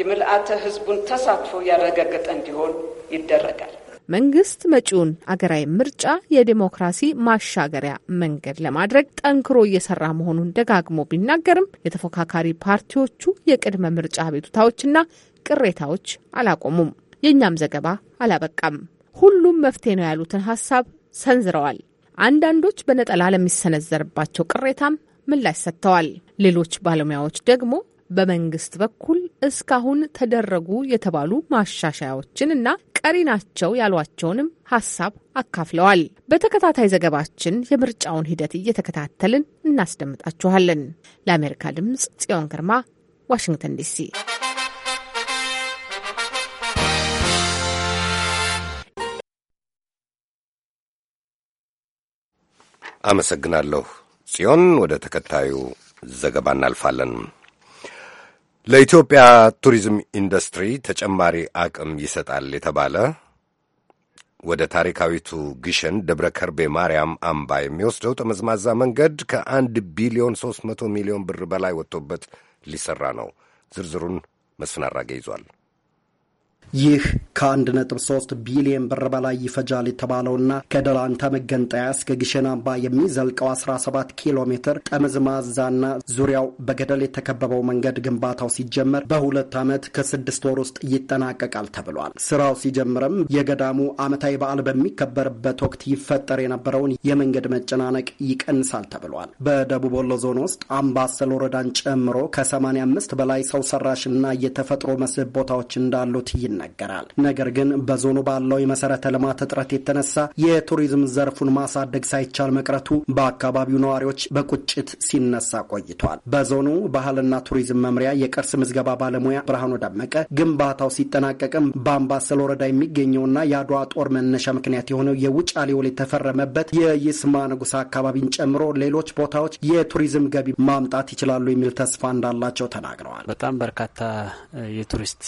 የምልአተ ሕዝቡን ተሳትፎ ያረጋገጠ እንዲሆን ይደረጋል። መንግስት መጪውን አገራዊ ምርጫ የዲሞክራሲ ማሻገሪያ መንገድ ለማድረግ ጠንክሮ እየሰራ መሆኑን ደጋግሞ ቢናገርም የተፎካካሪ ፓርቲዎቹ የቅድመ ምርጫ አቤቱታዎችና ቅሬታዎች አላቆሙም። የእኛም ዘገባ አላበቃም። ሁሉም መፍትሄ ነው ያሉትን ሀሳብ ሰንዝረዋል። አንዳንዶች በነጠላ ለሚሰነዘርባቸው ቅሬታም ምላሽ ሰጥተዋል። ሌሎች ባለሙያዎች ደግሞ በመንግስት በኩል እስካሁን ተደረጉ የተባሉ ማሻሻያዎችን እና ቀሪ ናቸው ያሏቸውንም ሀሳብ አካፍለዋል። በተከታታይ ዘገባችን የምርጫውን ሂደት እየተከታተልን እናስደምጣችኋለን። ለአሜሪካ ድምፅ ጽዮን ግርማ ዋሽንግተን ዲሲ አመሰግናለሁ ጽዮን። ወደ ተከታዩ ዘገባ እናልፋለን። ለኢትዮጵያ ቱሪዝም ኢንዱስትሪ ተጨማሪ አቅም ይሰጣል የተባለ ወደ ታሪካዊቱ ግሸን ደብረ ከርቤ ማርያም አምባ የሚወስደው ጠመዝማዛ መንገድ ከአንድ ቢሊዮን ሦስት መቶ ሚሊዮን ብር በላይ ወጥቶበት ሊሰራ ነው። ዝርዝሩን መስፍን አራጌ ይዟል። ይህ ከ1.3 ቢሊዮን ብር በላይ ይፈጃል የተባለውና ከደላንታ መገንጠያ እስከ ግሸን አምባ የሚዘልቀው 17 ኪሎ ሜትር ጠመዝማዛና ዙሪያው በገደል የተከበበው መንገድ ግንባታው ሲጀመር በሁለት ዓመት ከስድስት ወር ውስጥ ይጠናቀቃል ተብሏል። ስራው ሲጀምርም የገዳሙ ዓመታዊ በዓል በሚከበርበት ወቅት ይፈጠር የነበረውን የመንገድ መጨናነቅ ይቀንሳል ተብሏል። በደቡብ ወሎ ዞን ውስጥ አምባሰል ወረዳን ጨምሮ ከ85 በላይ ሰው ሰራሽና የተፈጥሮ መስህብ ቦታዎች እንዳሉት ይናል ይነገራል። ነገር ግን በዞኑ ባለው የመሰረተ ልማት እጥረት የተነሳ የቱሪዝም ዘርፉን ማሳደግ ሳይቻል መቅረቱ በአካባቢው ነዋሪዎች በቁጭት ሲነሳ ቆይቷል። በዞኑ ባህልና ቱሪዝም መምሪያ የቅርስ ምዝገባ ባለሙያ ብርሃኑ ደመቀ ግንባታው ሲጠናቀቅም በአምባሰል ወረዳ የሚገኘውና የአድዋ ጦር መነሻ ምክንያት የሆነው የውጫሌ ውል የተፈረመበት የይስማ ንጉሥ አካባቢን ጨምሮ ሌሎች ቦታዎች የቱሪዝም ገቢ ማምጣት ይችላሉ የሚል ተስፋ እንዳላቸው ተናግረዋል። በጣም በርካታ የቱሪስት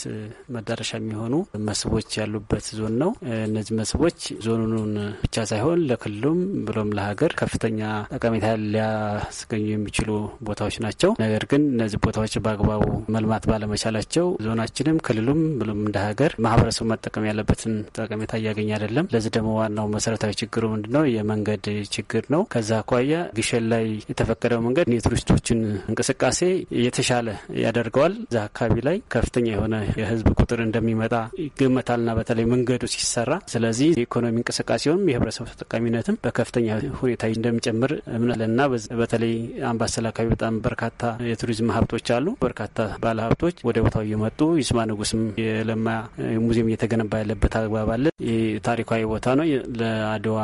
መዳረሻ የሚሆ የሆኑ መስህቦች ያሉበት ዞን ነው። እነዚህ መስህቦች ዞኑን ብቻ ሳይሆን ለክልሉም ብሎም ለሀገር ከፍተኛ ጠቀሜታ ሊያስገኙ የሚችሉ ቦታዎች ናቸው። ነገር ግን እነዚህ ቦታዎች በአግባቡ መልማት ባለመቻላቸው ዞናችንም ክልሉም ብሎም እንደ ሀገር ማህበረሰቡ መጠቀም ያለበትን ጠቀሜታ እያገኘ አይደለም። ለዚህ ደግሞ ዋናው መሰረታዊ ችግሩ ምንድነው? የመንገድ ችግር ነው። ከዛ አኳያ ግሸን ላይ የተፈቀደው መንገድ የቱሪስቶችን እንቅስቃሴ የተሻለ ያደርገዋል። እዛ አካባቢ ላይ ከፍተኛ የሆነ የህዝብ ቁጥር እንደሚመጣ እንደሚመጣ ይገመታልና በተለይ መንገዱ ሲሰራ። ስለዚህ የኢኮኖሚ እንቅስቃሴውም የህብረተሰቡ ተጠቃሚነትም በከፍተኛ ሁኔታ እንደሚጨምር እምነትና በተለይ አምባሰል አካባቢ በጣም በርካታ የቱሪዝም ሀብቶች አሉ። በርካታ ባለሀብቶች ወደ ቦታው እየመጡ ይስማ ንጉስም የለማ ሙዚየም እየተገነባ ያለበት አግባብ አለ። ታሪካዊ ቦታ ነው። ለአድዋ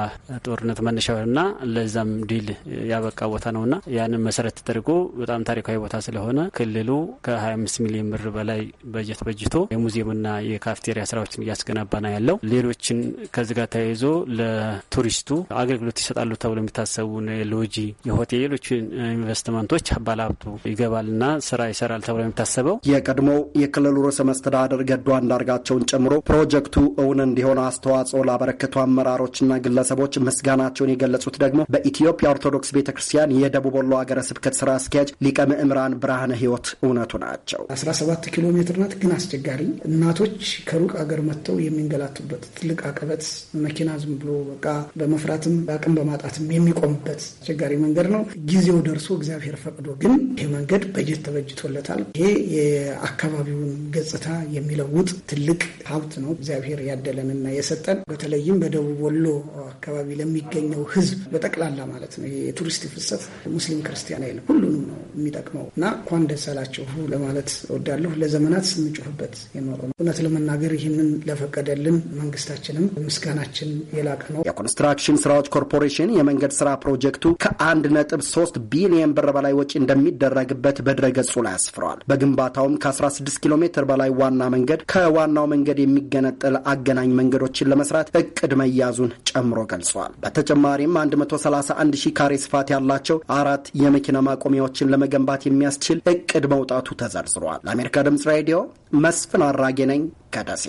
ጦርነት መነሻና ለዛም ድል ያበቃ ቦታ ነውና ያንን መሰረት ተደርጎ በጣም ታሪካዊ ቦታ ስለሆነ ክልሉ ከ25 ሚሊዮን ብር በላይ በጀት በጅቶ የሙዚየምና የካፍቴሪያ ስራዎችን እያስገነባ ነው ያለው። ሌሎችን ከዚህ ጋር ተያይዞ ለቱሪስቱ አገልግሎት ይሰጣሉ ተብሎ የሚታሰቡ የሎጂ የሆቴሎችን ኢንቨስትመንቶች ባለሀብቱ ይገባልና ስራ ይሰራል ተብሎ የሚታሰበው የቀድሞው የክልሉ ርዕሰ መስተዳደር ገዱ አንዳርጋቸውን ጨምሮ ፕሮጀክቱ እውን እንዲሆን አስተዋጽኦ ላበረከቱ አመራሮችና ግለሰቦች ምስጋናቸውን የገለጹት ደግሞ በኢትዮጵያ ኦርቶዶክስ ቤተ ክርስቲያን የደቡብ ወሎ ሀገረ ስብከት ስራ አስኪያጅ ሊቀ ምዕምራን ብርሃነ ህይወት እውነቱ ናቸው። 17 ኪሎ ሜትር ናት፣ ግን አስቸጋሪ እናቶች ከሩቅ ሀገር መጥተው የሚንገላቱበት ትልቅ አቀበት፣ መኪና ዝም ብሎ በቃ በመፍራትም በአቅም በማጣትም የሚቆምበት አስቸጋሪ መንገድ ነው። ጊዜው ደርሶ እግዚአብሔር ፈቅዶ ግን ይህ መንገድ በጀት ተበጅቶለታል። ይሄ የአካባቢውን ገጽታ የሚለውጥ ትልቅ ሀብት ነው እግዚአብሔር ያደለንና የሰጠን በተለይም በደቡብ ወሎ አካባቢ ለሚገኘው ህዝብ በጠቅላላ ማለት ነው። የቱሪስት ፍሰት ሙስሊም ክርስቲያን አይልም፣ ሁሉንም ነው የሚጠቅመው እና እንኳን ደስ አላችሁ ለማለት እወዳለሁ። ለዘመናት ስንጮህበት የኖረ ነው እውነት ለመናገር ይህንን ለፈቀደልን መንግስታችንም ምስጋናችን የላቀ ነው። የኮንስትራክሽን ስራዎች ኮርፖሬሽን የመንገድ ስራ ፕሮጀክቱ ከአንድ ነጥብ ሶስት ቢሊየን ብር በላይ ወጪ እንደሚደረግበት በድረገጹ ላይ አስፍረዋል። በግንባታውም ከ16 ኪሎ ሜትር በላይ ዋና መንገድ ከዋናው መንገድ የሚገነጠል አገናኝ መንገዶችን ለመስራት እቅድ መያዙን ጨምሮ ገልጿል። በተጨማሪም 131 ሺህ ካሬ ስፋት ያላቸው አራት የመኪና ማቆሚያዎችን ለመገንባት የሚያስችል እቅድ መውጣቱ ተዘርዝሯል። ለአሜሪካ ድምጽ ሬዲዮ መስፍን አራጌ ነኝ ከደሴ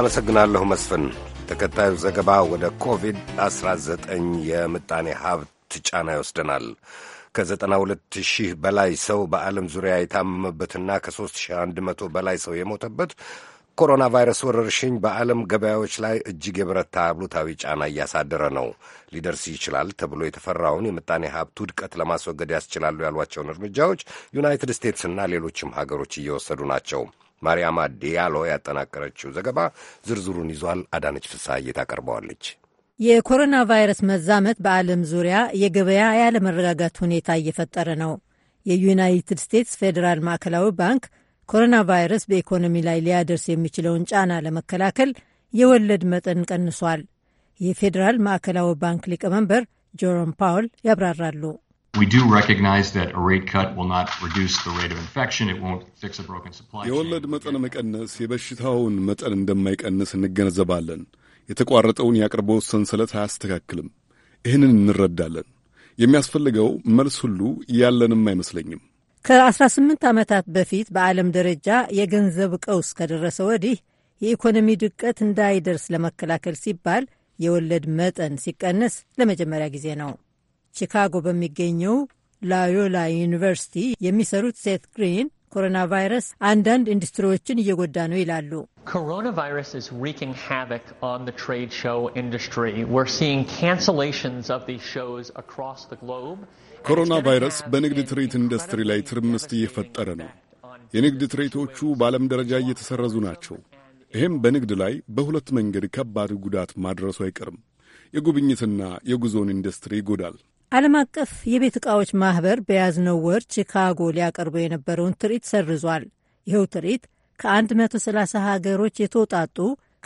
አመሰግናለሁ መስፍን። ተከታዩ ዘገባ ወደ ኮቪድ-19 የምጣኔ ሀብት ጫና ይወስደናል። ከ92 ሺህ በላይ ሰው በዓለም ዙሪያ የታመመበትና ከ3100 በላይ ሰው የሞተበት ኮሮና ቫይረስ ወረርሽኝ በዓለም ገበያዎች ላይ እጅግ የበረታ አብዮታዊ ጫና እያሳደረ ነው። ሊደርስ ይችላል ተብሎ የተፈራውን የምጣኔ ሀብት ውድቀት ለማስወገድ ያስችላሉ ያሏቸውን እርምጃዎች ዩናይትድ ስቴትስ እና ሌሎችም ሀገሮች እየወሰዱ ናቸው። ማርያማ ዲያሎ ያጠናቀረችው ዘገባ ዝርዝሩን ይዟል። አዳነች ፍሳ ታቀርበዋለች። የኮሮና ቫይረስ መዛመት በዓለም ዙሪያ የገበያ ያለመረጋጋት ሁኔታ እየፈጠረ ነው። የዩናይትድ ስቴትስ ፌዴራል ማዕከላዊ ባንክ ኮሮና ቫይረስ በኢኮኖሚ ላይ ሊያደርስ የሚችለውን ጫና ለመከላከል የወለድ መጠን ቀንሷል። የፌዴራል ማዕከላዊ ባንክ ሊቀመንበር ጆሮም ፓውል ያብራራሉ። የወለድ መጠን መቀነስ የበሽታውን መጠን እንደማይቀንስ እንገነዘባለን። የተቋረጠውን የአቅርቦት ሰንሰለት አያስተካክልም። ይህንን እንረዳለን። የሚያስፈልገው መልስ ሁሉ ያለንም አይመስለኝም። ከ18 ዓመታት በፊት በዓለም ደረጃ የገንዘብ ቀውስ ከደረሰ ወዲህ የኢኮኖሚ ድቀት እንዳይደርስ ለመከላከል ሲባል የወለድ መጠን ሲቀነስ ለመጀመሪያ ጊዜ ነው። ቺካጎ በሚገኘው ላዮላ ዩኒቨርሲቲ የሚሰሩት ሴት ግሪን ኮሮና ቫይረስ አንዳንድ ኢንዱስትሪዎችን እየጎዳ ነው ይላሉ። ኮሮና ቫይረስ በንግድ ትርኢት ኢንዱስትሪ ላይ ትርምስት እየፈጠረ ነው። የንግድ ትርኢቶቹ በዓለም ደረጃ እየተሰረዙ ናቸው። ይህም በንግድ ላይ በሁለት መንገድ ከባድ ጉዳት ማድረሱ አይቀርም። የጉብኝትና የጉዞን ኢንዱስትሪ ይጎዳል። ዓለም አቀፍ የቤት ዕቃዎች ማኅበር በያዝነው ወር ቺካጎ ሊያቀርበው የነበረውን ትርኢት ሰርዟል። ይኸው ትርኢት ከ130 ሀገሮች የተውጣጡ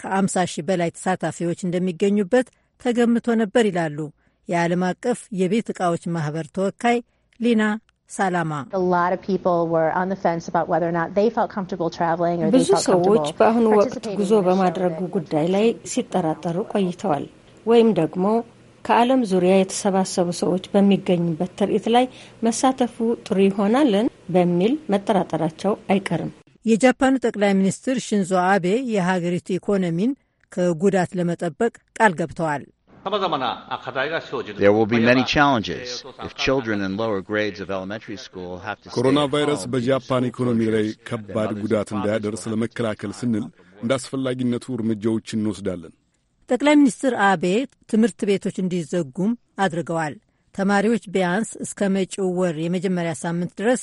ከ50 ሺህ በላይ ተሳታፊዎች እንደሚገኙበት ተገምቶ ነበር ይላሉ የዓለም አቀፍ የቤት ዕቃዎች ማህበር ተወካይ ሊና ሳላማ ብዙ ሰዎች በአሁኑ ወቅት ጉዞ በማድረጉ ጉዳይ ላይ ሲጠራጠሩ ቆይተዋል። ወይም ደግሞ ከዓለም ዙሪያ የተሰባሰቡ ሰዎች በሚገኙበት ትርኢት ላይ መሳተፉ ጥሩ ይሆናልን በሚል መጠራጠራቸው አይቀርም። የጃፓኑ ጠቅላይ ሚኒስትር ሽንዞ አቤ የሀገሪቱ ኢኮኖሚን ከጉዳት ለመጠበቅ ቃል ገብተዋል። ኮሮና ቫይረስ በጃፓን ኢኮኖሚ ላይ ከባድ ጉዳት እንዳያደርስ ለመከላከል ስንል እንደ አስፈላጊነቱ እርምጃዎች እንወስዳለን። ጠቅላይ ሚኒስትር አቤ ትምህርት ቤቶች እንዲዘጉም አድርገዋል። ተማሪዎች ቢያንስ እስከ መጪው ወር የመጀመሪያ ሳምንት ድረስ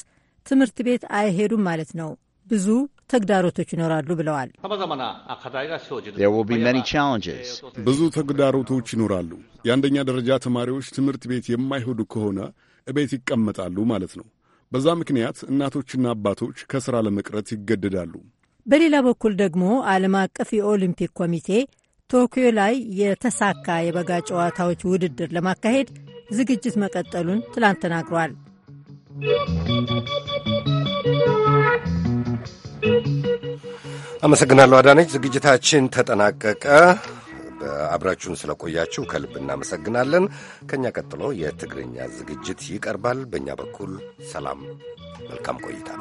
ትምህርት ቤት አይሄዱም ማለት ነው። ብዙ ተግዳሮቶች ይኖራሉ ብለዋል። ብዙ ተግዳሮቶች ይኖራሉ። የአንደኛ ደረጃ ተማሪዎች ትምህርት ቤት የማይሄዱ ከሆነ እቤት ይቀመጣሉ ማለት ነው። በዛ ምክንያት እናቶችና አባቶች ከሥራ ለመቅረት ይገደዳሉ። በሌላ በኩል ደግሞ ዓለም አቀፍ የኦሊምፒክ ኮሚቴ ቶኪዮ ላይ የተሳካ የበጋ ጨዋታዎች ውድድር ለማካሄድ ዝግጅት መቀጠሉን ትላንት ተናግሯል። አመሰግናለሁ አዳነች። ዝግጅታችን ተጠናቀቀ። አብራችሁን ስለቆያችሁ ከልብ እናመሰግናለን። ከእኛ ቀጥሎ የትግርኛ ዝግጅት ይቀርባል። በእኛ በኩል ሰላም፣ መልካም ቆይታ